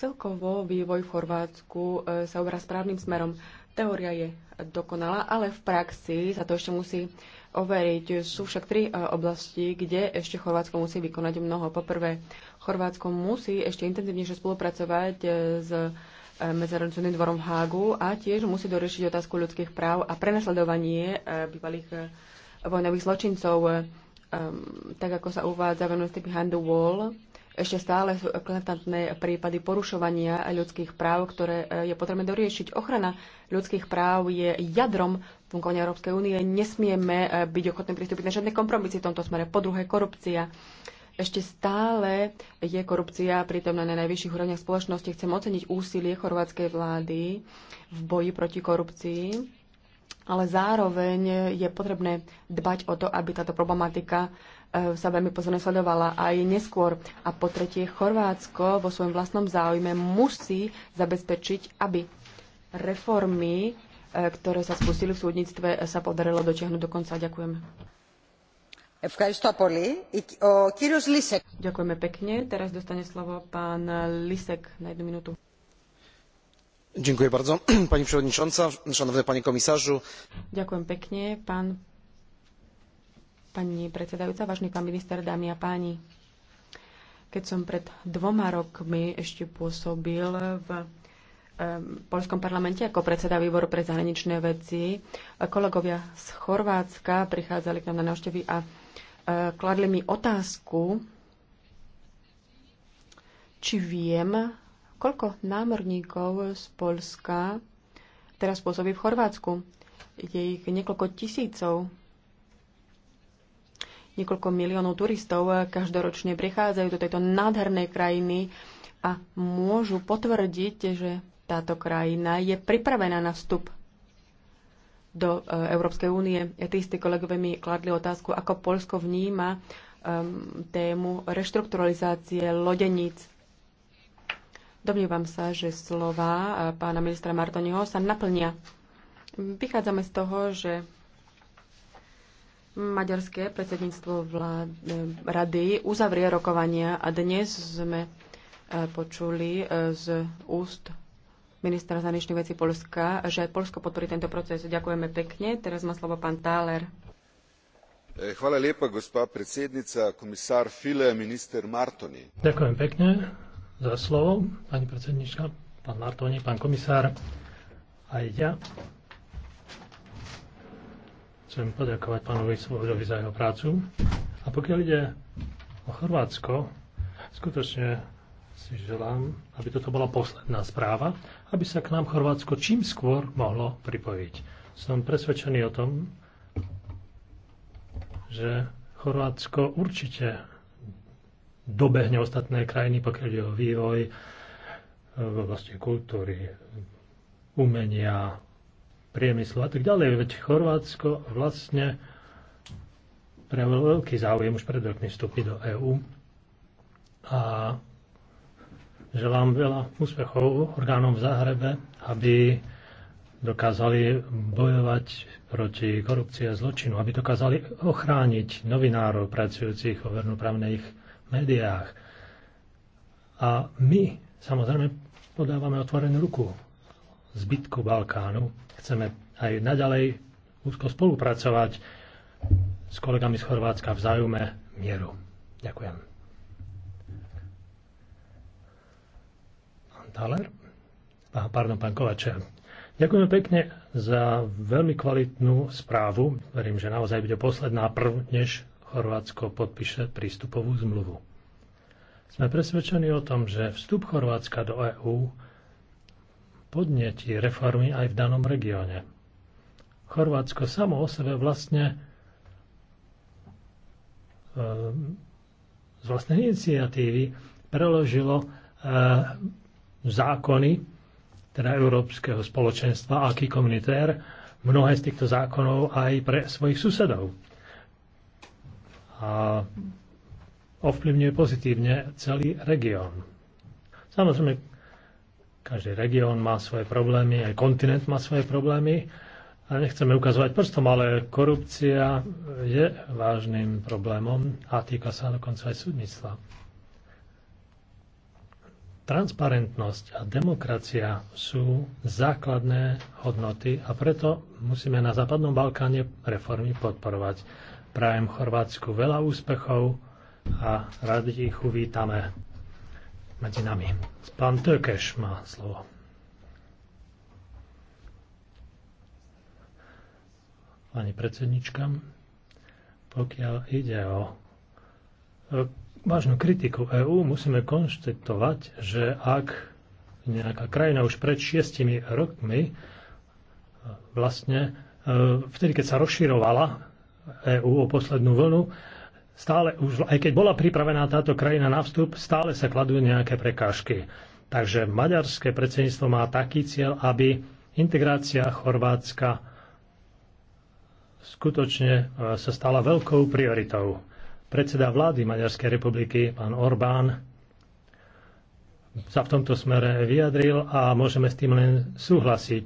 Celkovo vývoj v Chorvátsku e, sa obrá správnym smerom. Teória je dokonalá, ale v praxi sa to ešte musí overiť. Sú však tri e, oblasti, kde ešte Chorvátsko musí vykonať mnoho. Poprvé, Chorvátsko musí ešte intenzívnejšie spolupracovať e, s e, Medzinárodným dvorom v Hágu a tiež musí doriešiť otázku ľudských práv a prenasledovanie e, bývalých vojnových zločincov. Tak ako sa uvádza v Amnesty Behind the Wall, ešte stále sú eklatantné prípady porušovania ľudských práv, ktoré je potrebné doriešiť. Ochrana ľudských práv je jadrom fungovania Európskej únie. Nesmieme byť ochotní pristúpiť na žiadne kompromisy v tomto smere. Po druhé, korupcia. Ešte stále je korupcia prítomná na najvyšších úrovniach spoločnosti. Chcem oceniť úsilie chorvátskej vlády v boji proti korupcii, ale zároveň je potrebné dbať o to, aby táto problematika e, sa veľmi pozorne sledovala aj neskôr. A po tretie, Chorvátsko vo svojom vlastnom záujme musí zabezpečiť, aby reformy, e, ktoré sa spustili v súdnictve, e, sa podarilo dotiahnuť do konca. Ďakujem. Ďakujeme pekne. Teraz dostane slovo pán Lisek na jednu minútu. Dziękuję pani przewodnicząca, szanowny panie komisarzu. Ďakujem pekne, pán, pani predsedajúca, vážny pán minister, dámy a páni. Keď som pred dvoma rokmi ešte pôsobil v polskom parlamente ako predseda výboru pre zahraničné veci. Kolegovia z Chorvátska prichádzali k nám na návštevy a kladli mi otázku, či viem, koľko námorníkov z Polska teraz pôsobí v Chorvátsku. Je ich niekoľko tisícov, niekoľko miliónov turistov každoročne prichádzajú do tejto nádhernej krajiny a môžu potvrdiť, že táto krajina je pripravená na vstup do e, Európskej únie. E, tí istí kolegové mi kladli otázku, ako Polsko vníma um, tému reštrukturalizácie lodeníc. Domnívam sa, že slova pána ministra Martoniho sa naplnia. Vychádzame z toho, že maďarské predsedníctvo rady uzavrie rokovania a dnes sme počuli z úst minister zahraničných vecí Polska, že Polsko podporí tento proces. Ďakujeme pekne. Teraz má slovo pán Táler. Eh, hvala lepa, gospa predsednica, komisár File, minister Martoni. Ďakujem pekne za slovo, pani predsednička, pán Martoni, pán komisár. Aj ja chcem poďakovať pánovi Svobodovi za jeho prácu. A pokiaľ ide o Chorvátsko, skutočne si želám, aby toto bola posledná správa, aby sa k nám Chorvátsko čím skôr mohlo pripojiť. Som presvedčený o tom, že Chorvátsko určite dobehne ostatné krajiny, pokiaľ je o vývoj v oblasti kultúry, umenia, priemyslu a tak ďalej. Veď Chorvátsko vlastne prejavilo veľký záujem už pred rokmi vstúpiť do EÚ a Želám veľa úspechov orgánom v Zahrebe, aby dokázali bojovať proti korupcii a zločinu, aby dokázali ochrániť novinárov pracujúcich vo vernoprávnych médiách. A my samozrejme podávame otvorenú ruku zbytku Balkánu. Chceme aj naďalej úzko spolupracovať s kolegami z Chorvátska v zájume mieru. Ďakujem. Thaler. Pardon, pán Kovačev. Ďakujeme pekne za veľmi kvalitnú správu. Verím, že naozaj bude posledná prv, než Chorvátsko podpíše prístupovú zmluvu. Sme presvedčení o tom, že vstup Chorvátska do EÚ podnetí reformy aj v danom regióne. Chorvátsko samo o sebe vlastne ehm, z vlastnej iniciatívy preložilo ehm, zákony, teda Európskeho spoločenstva, aký komunitér, mnohé z týchto zákonov aj pre svojich susedov. A ovplyvňuje pozitívne celý región. Samozrejme, každý región má svoje problémy, aj kontinent má svoje problémy. A nechceme ukazovať prstom, ale korupcia je vážnym problémom a týka sa dokonca aj súdnictva. Transparentnosť a demokracia sú základné hodnoty a preto musíme na Západnom Balkáne reformy podporovať. Prajem Chorvátsku veľa úspechov a radi ich uvítame medzi nami. Pán Tökeš má slovo. Pani predsednička, pokiaľ ide o vážnu kritiku EÚ, musíme konštetovať, že ak nejaká krajina už pred šiestimi rokmi e, vlastne e, vtedy, keď sa rozširovala EÚ o poslednú vlnu, stále už, aj keď bola pripravená táto krajina na vstup, stále sa kladú nejaké prekážky. Takže maďarské predsedníctvo má taký cieľ, aby integrácia Chorvátska skutočne e, sa stala veľkou prioritou predseda vlády Maďarskej republiky, pán Orbán, sa v tomto smere vyjadril a môžeme s tým len súhlasiť,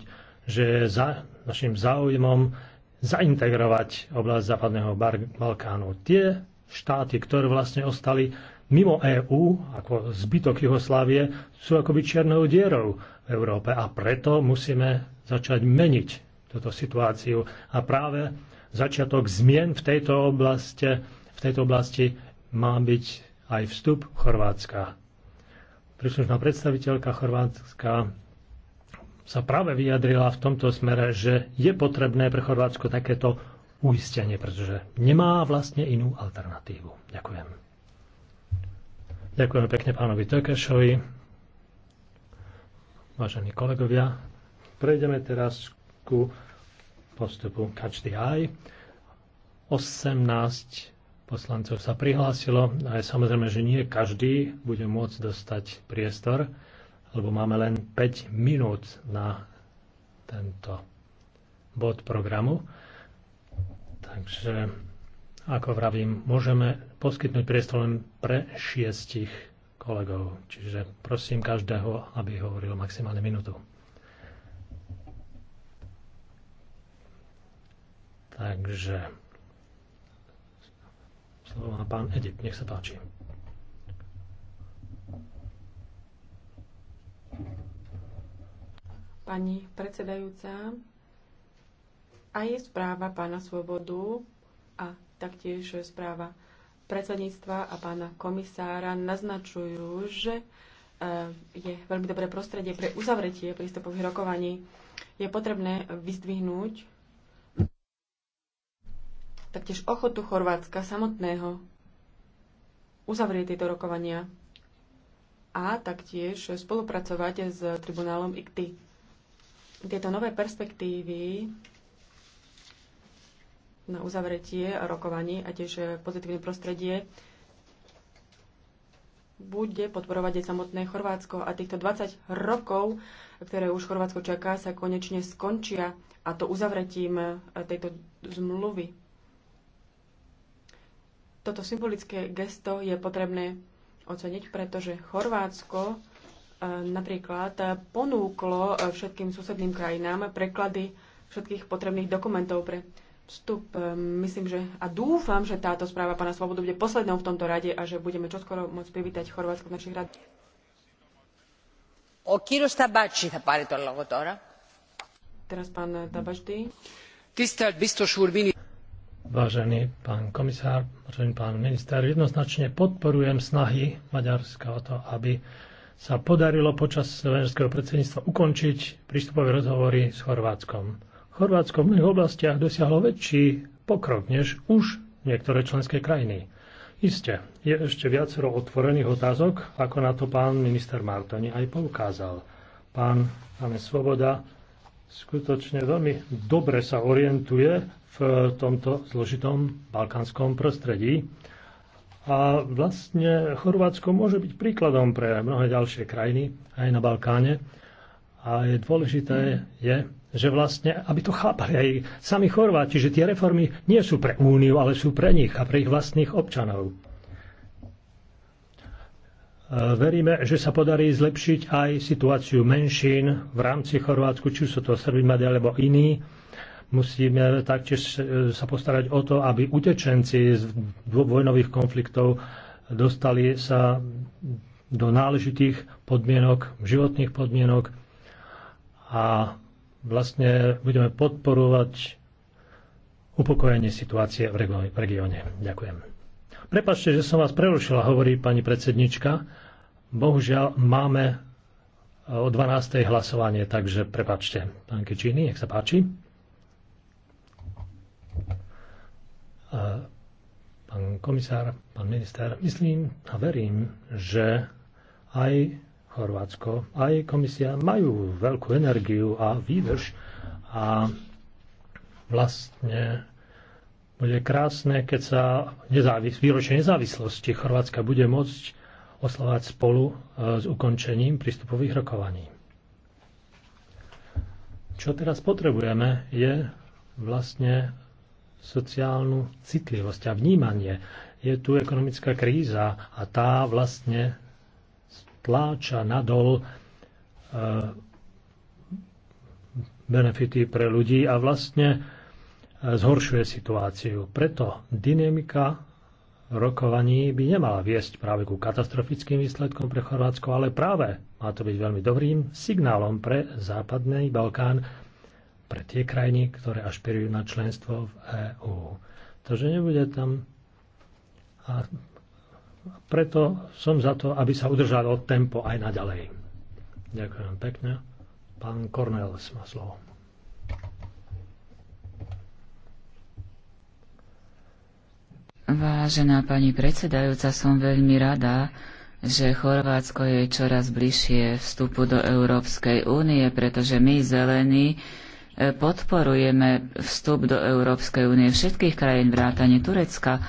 že za našim záujmom zaintegrovať oblasť Západného Balkánu. Tie štáty, ktoré vlastne ostali mimo EÚ, ako zbytok Jugoslávie, sú akoby čiernou dierou v Európe a preto musíme začať meniť túto situáciu. A práve začiatok zmien v tejto oblasti tejto oblasti má byť aj vstup Chorvátska. Príslušná predstaviteľka Chorvátska sa práve vyjadrila v tomto smere, že je potrebné pre Chorvátsko takéto uistenie, pretože nemá vlastne inú alternatívu. Ďakujem. Ďakujem pekne pánovi Tokešovi. Vážení kolegovia, prejdeme teraz ku postupu Catch the Eye. 18 poslancov sa prihlásilo a je samozrejme, že nie každý bude môcť dostať priestor, lebo máme len 5 minút na tento bod programu. Takže, ako vravím, môžeme poskytnúť priestor len pre šiestich kolegov. Čiže prosím každého, aby hovoril maximálne minútu. Takže slovo má pán Edip. Nech sa páči. Pani predsedajúca, aj je správa pána Svobodu a taktiež správa predsedníctva a pána komisára naznačujú, že e, je veľmi dobré prostredie pre uzavretie prístupových rokovaní. Je potrebné vyzdvihnúť taktiež ochotu Chorvátska samotného uzavrieť tieto rokovania a taktiež spolupracovať s tribunálom ICTY. Tieto nové perspektívy na uzavretie rokovaní a tiež pozitívne prostredie bude podporovať aj samotné Chorvátsko a týchto 20 rokov, ktoré už Chorvátsko čaká, sa konečne skončia a to uzavretím tejto zmluvy. Toto symbolické gesto je potrebné oceniť, pretože Chorvátsko e, napríklad ponúklo e, všetkým susedným krajinám preklady všetkých potrebných dokumentov pre vstup. E, myslím, že a dúfam, že táto správa pána Svobodu bude poslednou v tomto rade a že budeme čoskoro môcť privítať Chorvátsko v našich rade. O kýros Tabáči sa páre to logo Teraz pán Tabačdy. Tisztelt biztos úr, minister. Vážený pán komisár, vážený pán minister, jednoznačne podporujem snahy Maďarska o to, aby sa podarilo počas maďarského predsedníctva ukončiť prístupové rozhovory s Chorvátskom. Chorvátsko v mnohých oblastiach dosiahlo väčší pokrok než už niektoré členské krajiny. Isté, je ešte viacero otvorených otázok, ako na to pán minister Martoni aj poukázal. Pán, máme svoboda, skutočne veľmi dobre sa orientuje v tomto zložitom balkánskom prostredí. A vlastne Chorvátsko môže byť príkladom pre mnohé ďalšie krajiny aj na Balkáne. A je dôležité je, že vlastne, aby to chápali aj sami Chorváti, že tie reformy nie sú pre Úniu, ale sú pre nich a pre ich vlastných občanov. Veríme, že sa podarí zlepšiť aj situáciu menšín v rámci Chorvátsku, či sú to Srbí, Madi alebo iní. Musíme taktiež sa postarať o to, aby utečenci z vojnových konfliktov dostali sa do náležitých podmienok, životných podmienok a vlastne budeme podporovať upokojenie situácie v regióne. Ďakujem. Prepačte, že som vás prerušila, hovorí pani predsednička. Bohužiaľ, máme eh, o 12. hlasovanie, takže prepačte. Pán Kečíny, nech sa páči. Eh, pán komisár, pán minister, myslím a verím, že aj Chorvátsko, aj komisia majú veľkú energiu a výdrž a vlastne bude krásne, keď sa nezávis, výročie nezávislosti Chorvátska bude môcť oslovať spolu e, s ukončením prístupových rokovaní. Čo teraz potrebujeme, je vlastne sociálnu citlivosť a vnímanie. Je tu ekonomická kríza a tá vlastne tláča nadol e, benefity pre ľudí a vlastne e, zhoršuje situáciu. Preto dynamika rokovaní by nemala viesť práve ku katastrofickým výsledkom pre Chorvátsko, ale práve má to byť veľmi dobrým signálom pre západný Balkán, pre tie krajiny, ktoré ašpirujú na členstvo v EÚ. Takže nebude tam... A preto som za to, aby sa udržalo tempo aj naďalej. Ďakujem pekne. Pán Kornel má slovo. Vážená pani predsedajúca, som veľmi rada, že Chorvátsko je čoraz bližšie vstupu do Európskej únie, pretože my, zelení, e, podporujeme vstup do Európskej únie všetkých krajín vrátane Turecka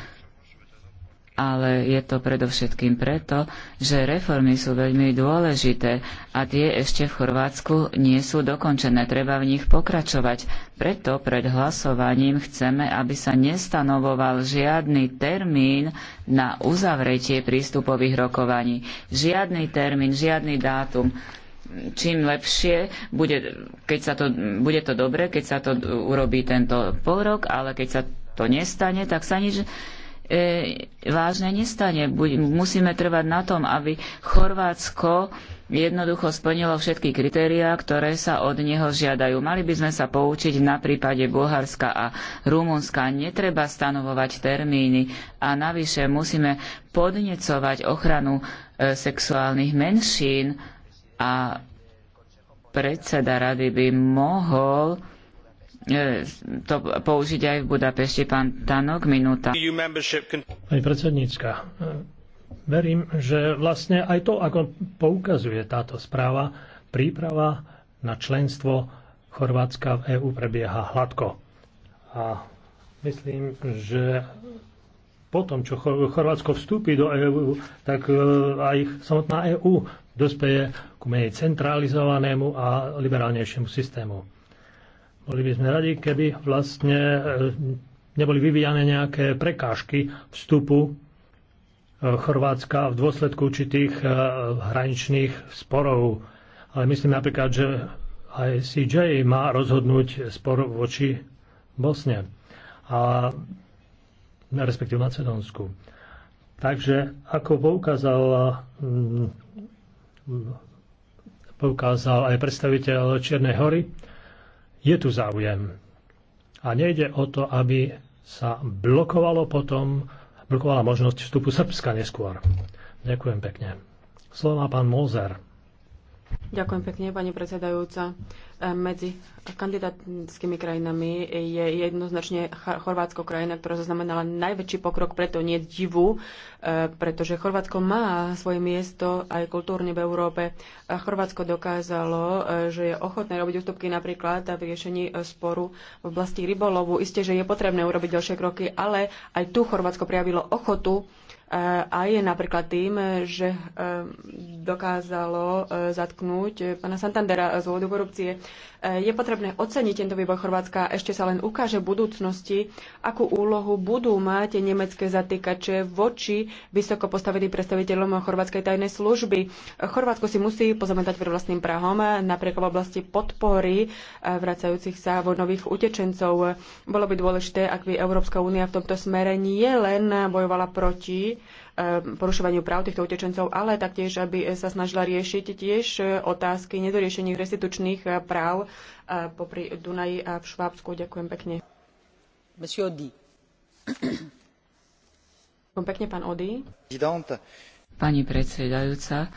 ale je to predovšetkým preto, že reformy sú veľmi dôležité a tie ešte v Chorvátsku nie sú dokončené. Treba v nich pokračovať. Preto pred hlasovaním chceme, aby sa nestanovoval žiadny termín na uzavretie prístupových rokovaní. Žiadny termín, žiadny dátum čím lepšie, bude, keď sa to, bude to dobre, keď sa to urobí tento pol rok, ale keď sa to nestane, tak sa nič E, vážne nestane. Musíme trvať na tom, aby Chorvátsko jednoducho splnilo všetky kritériá, ktoré sa od neho žiadajú. Mali by sme sa poučiť na prípade Bulharska a Rumunska. Netreba stanovovať termíny a navyše musíme podnecovať ochranu e, sexuálnych menšín a predseda rady by mohol E, to použiť aj v Budapešti. Pán Tanok, minúta. Pani predsednícka, e, verím, že vlastne aj to, ako poukazuje táto správa, príprava na členstvo Chorvátska v EÚ prebieha hladko. A myslím, že po tom, čo Chorvátsko vstúpi do EÚ, tak e, aj samotná EÚ dospeje k menej centralizovanému a liberálnejšiemu systému. Boli by sme radi, keby vlastne eh, neboli vyvíjane nejaké prekážky vstupu eh, Chorvátska v dôsledku určitých eh, hraničných sporov. Ale myslím napríklad, že aj CJ má rozhodnúť spor voči Bosne a respektíve Macedónsku. Takže ako poukázal, mm, poukázal aj predstaviteľ Čiernej hory, je tu záujem. A nejde o to, aby sa blokovalo potom, blokovala možnosť vstupu Srbska neskôr. Ďakujem pekne. Slova pán Mozer. Ďakujem pekne, pani predsedajúca medzi kandidátskymi krajinami je jednoznačne Chorvátsko krajina, ktorá zaznamenala najväčší pokrok, preto nie divu, e, pretože Chorvátsko má svoje miesto aj kultúrne v Európe. Chorvátsko dokázalo, e, že je ochotné robiť ústupky napríklad v riešení e, sporu v oblasti rybolovu. Isté, že je potrebné urobiť ďalšie kroky, ale aj tu Chorvátsko prejavilo ochotu aj napríklad tým, že e, dokázalo e, zatknúť e, pana Santandera z dôvodu korupcie. Je potrebné oceniť tento výboj Chorvátska. Ešte sa len ukáže v budúcnosti, akú úlohu budú mať nemecké zatýkače voči vysoko postaveným predstaviteľom chorvátskej tajnej služby. Chorvátsko si musí pozamentať pred vlastným prahom, napríklad v oblasti podpory vracajúcich sa vojnových utečencov. Bolo by dôležité, ak by Európska únia v tomto smere nie len bojovala proti Eh, porušovaniu práv týchto utečencov, ale taktiež, aby sa snažila riešiť tiež eh, otázky nedoriešení restitučných eh, práv popri Dunaji a v Švábsku. Ďakujem pekne. Monsieur Odi. Ďakujem pekne, pán Odi. Pani predsedajúca,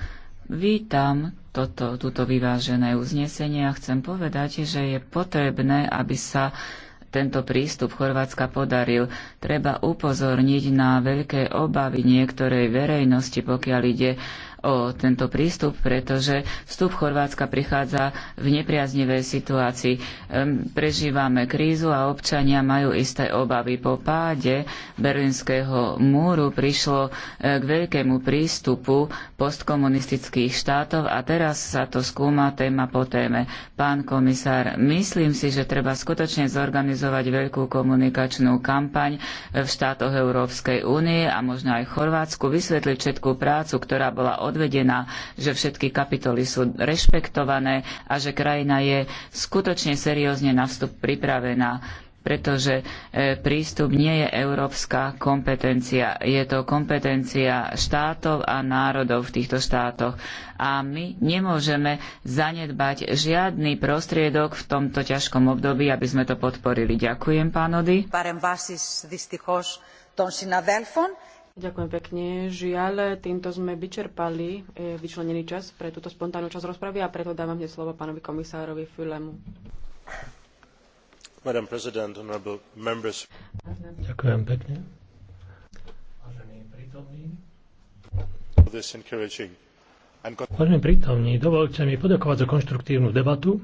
vítam toto, túto vyvážené uznesenie a chcem povedať, že je potrebné, aby sa tento prístup Chorvátska podaril. Treba upozorniť na veľké obavy niektorej verejnosti, pokiaľ ide o tento prístup, pretože vstup Chorvátska prichádza v nepriaznivej situácii. Prežívame krízu a občania majú isté obavy. Po páde Berlínskeho múru prišlo e, k veľkému prístupu postkomunistických štátov a teraz sa to skúma téma po téme. Pán komisár, myslím si, že treba skutočne zorganizovať veľkú komunikačnú kampaň v štátoch Európskej únie a možno aj Chorvátsku vysvetliť všetkú prácu, ktorá bola odvedená, že všetky kapitoly sú rešpektované a že krajina je skutočne seriózne na vstup pripravená pretože e, prístup nie je európska kompetencia. Je to kompetencia štátov a národov v týchto štátoch. A my nemôžeme zanedbať žiadny prostriedok v tomto ťažkom období, aby sme to podporili. Ďakujem, pán Ďakujem pekne. Žiaľ, týmto sme vyčerpali e, vyčlenený čas pre túto spontánnu časť rozpravy a preto dávam hneď slovo pánovi komisárovi Fülemu. Ďakujem pekne. Vážení prítomní, dovolte mi podakovať za konštruktívnu debatu.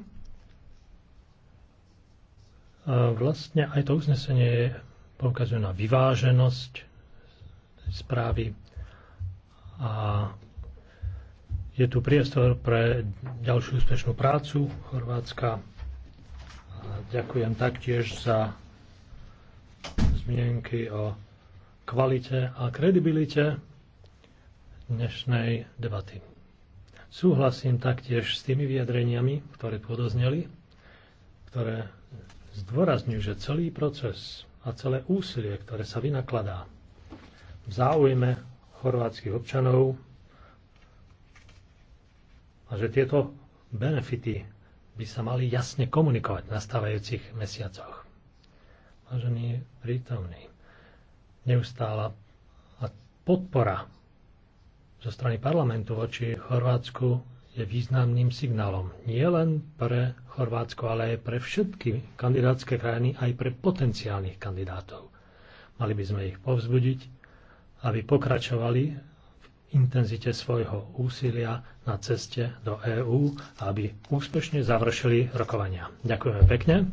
A vlastne aj to uznesenie poukazuje na vyváženosť správy. A je tu priestor pre ďalšiu úspešnú prácu Chorvátska. A ďakujem taktiež za zmienky o kvalite a kredibilite dnešnej debaty. Súhlasím taktiež s tými vyjadreniami, ktoré tu odozneli, ktoré zdôrazňujú, že celý proces a celé úsilie, ktoré sa vynakladá v záujme chorvátskych občanov a že tieto benefity by sa mali jasne komunikovať v nastávajúcich mesiacoch. Vážený prítomný, neustála a podpora zo strany parlamentu voči Chorvátsku je významným signálom nie len pre Chorvátsko, ale aj pre všetky kandidátske krajiny, aj pre potenciálnych kandidátov. Mali by sme ich povzbudiť aby pokračovali v intenzite svojho úsilia na ceste do EÚ a aby úspešne završili rokovania. Ďakujeme pekne.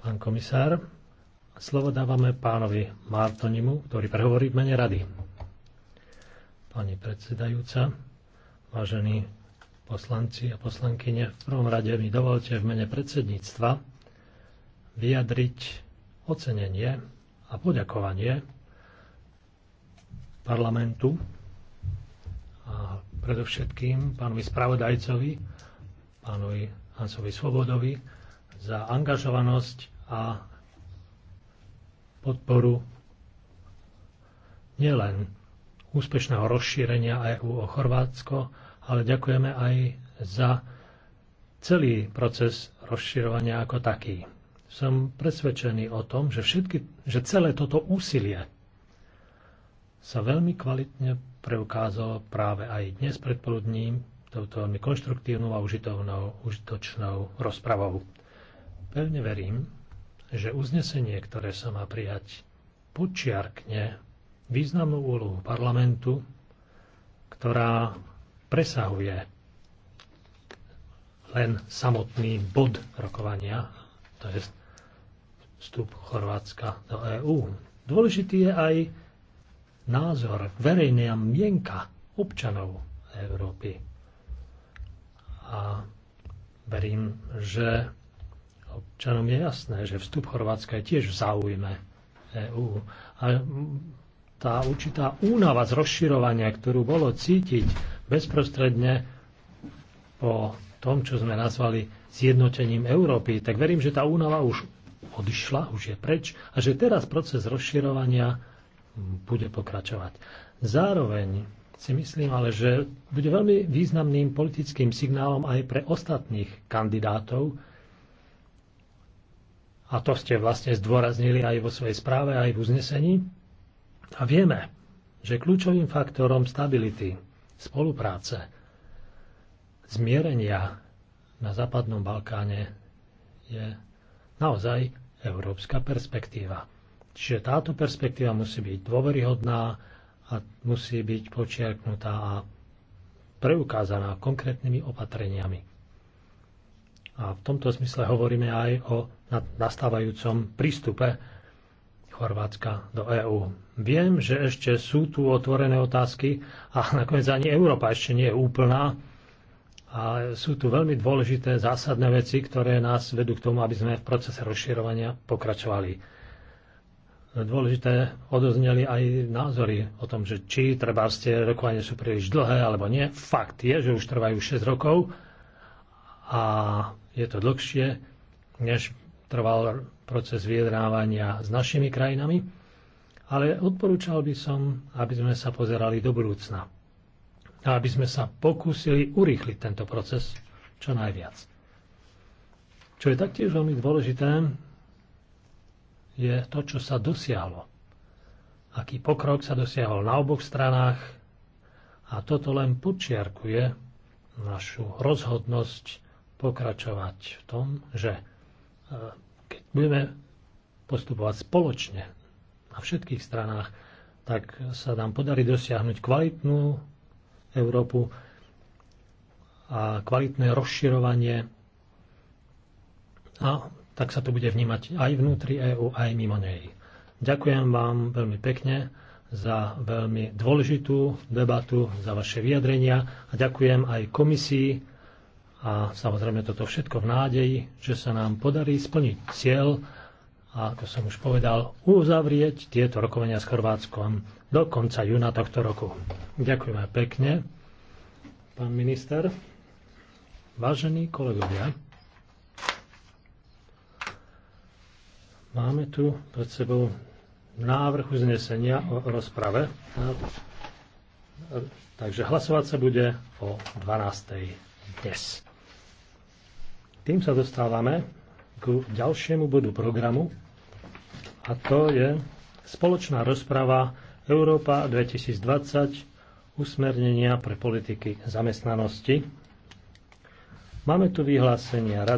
Pán komisár, slovo dávame pánovi Martonimu, ktorý prehovorí v mene rady. Pani predsedajúca, vážení poslanci a poslankyne, v prvom rade mi dovolte v mene predsedníctva vyjadriť ocenenie a poďakovanie parlamentu a predovšetkým pánovi spravodajcovi, pánovi Hansovi Svobodovi za angažovanosť a podporu nielen úspešného rozšírenia EU o Chorvátsko, ale ďakujeme aj za celý proces rozširovania ako taký. Som presvedčený o tom, že, všetky, že celé toto úsilie sa veľmi kvalitne preukázalo práve aj dnes predpoludním touto veľmi konštruktívnou a užitovnou, užitočnou rozpravou. Pevne verím, že uznesenie, ktoré sa má prijať, počiarkne významnú úlohu parlamentu, ktorá presahuje len samotný bod rokovania, to je vstup Chorvátska do EÚ. Dôležitý je aj názor verejnej mienka občanov Európy. A verím, že občanom je jasné, že vstup Chorvátska je tiež v záujme EÚ. A tá určitá únava z rozširovania, ktorú bolo cítiť bezprostredne po tom, čo sme nazvali zjednotením Európy, tak verím, že tá únava už odišla, už je preč a že teraz proces rozširovania bude pokračovať. Zároveň si myslím ale, že bude veľmi významným politickým signálom aj pre ostatných kandidátov. A to ste vlastne zdôraznili aj vo svojej správe, aj v uznesení. A vieme, že kľúčovým faktorom stability, spolupráce, zmierenia na Západnom Balkáne je naozaj európska perspektíva. Čiže táto perspektíva musí byť dôveryhodná a musí byť počiarknutá a preukázaná konkrétnymi opatreniami. A v tomto smysle hovoríme aj o nastávajúcom prístupe Chorvátska do EÚ. Viem, že ešte sú tu otvorené otázky a nakoniec ani Európa ešte nie je úplná. A sú tu veľmi dôležité zásadné veci, ktoré nás vedú k tomu, aby sme v procese rozširovania pokračovali dôležité odozneli aj názory o tom, že či treba ste rokovanie sú príliš dlhé alebo nie. Fakt je, že už trvajú 6 rokov a je to dlhšie, než trval proces vyjednávania s našimi krajinami. Ale odporúčal by som, aby sme sa pozerali do budúcna a aby sme sa pokúsili urýchliť tento proces čo najviac. Čo je taktiež veľmi dôležité, je to, čo sa dosiahlo. Aký pokrok sa dosiahol na oboch stranách a toto len počiarkuje našu rozhodnosť pokračovať v tom, že e, keď budeme postupovať spoločne na všetkých stranách, tak sa nám podarí dosiahnuť kvalitnú Európu a kvalitné rozširovanie a tak sa to bude vnímať aj vnútri EÚ, aj mimo nej. Ďakujem vám veľmi pekne za veľmi dôležitú debatu, za vaše vyjadrenia a ďakujem aj komisii a samozrejme toto všetko v nádeji, že sa nám podarí splniť cieľ a ako som už povedal, uzavrieť tieto rokovania s Chorvátskom do konca júna tohto roku. Ďakujeme pekne, pán minister. Vážení kolegovia, Máme tu pred sebou návrh uznesenia o rozprave. Takže hlasovať sa bude o 12. dnes. Tým sa dostávame k ďalšiemu bodu programu a to je spoločná rozprava Európa 2020 usmernenia pre politiky zamestnanosti. Máme tu vyhlásenia Rady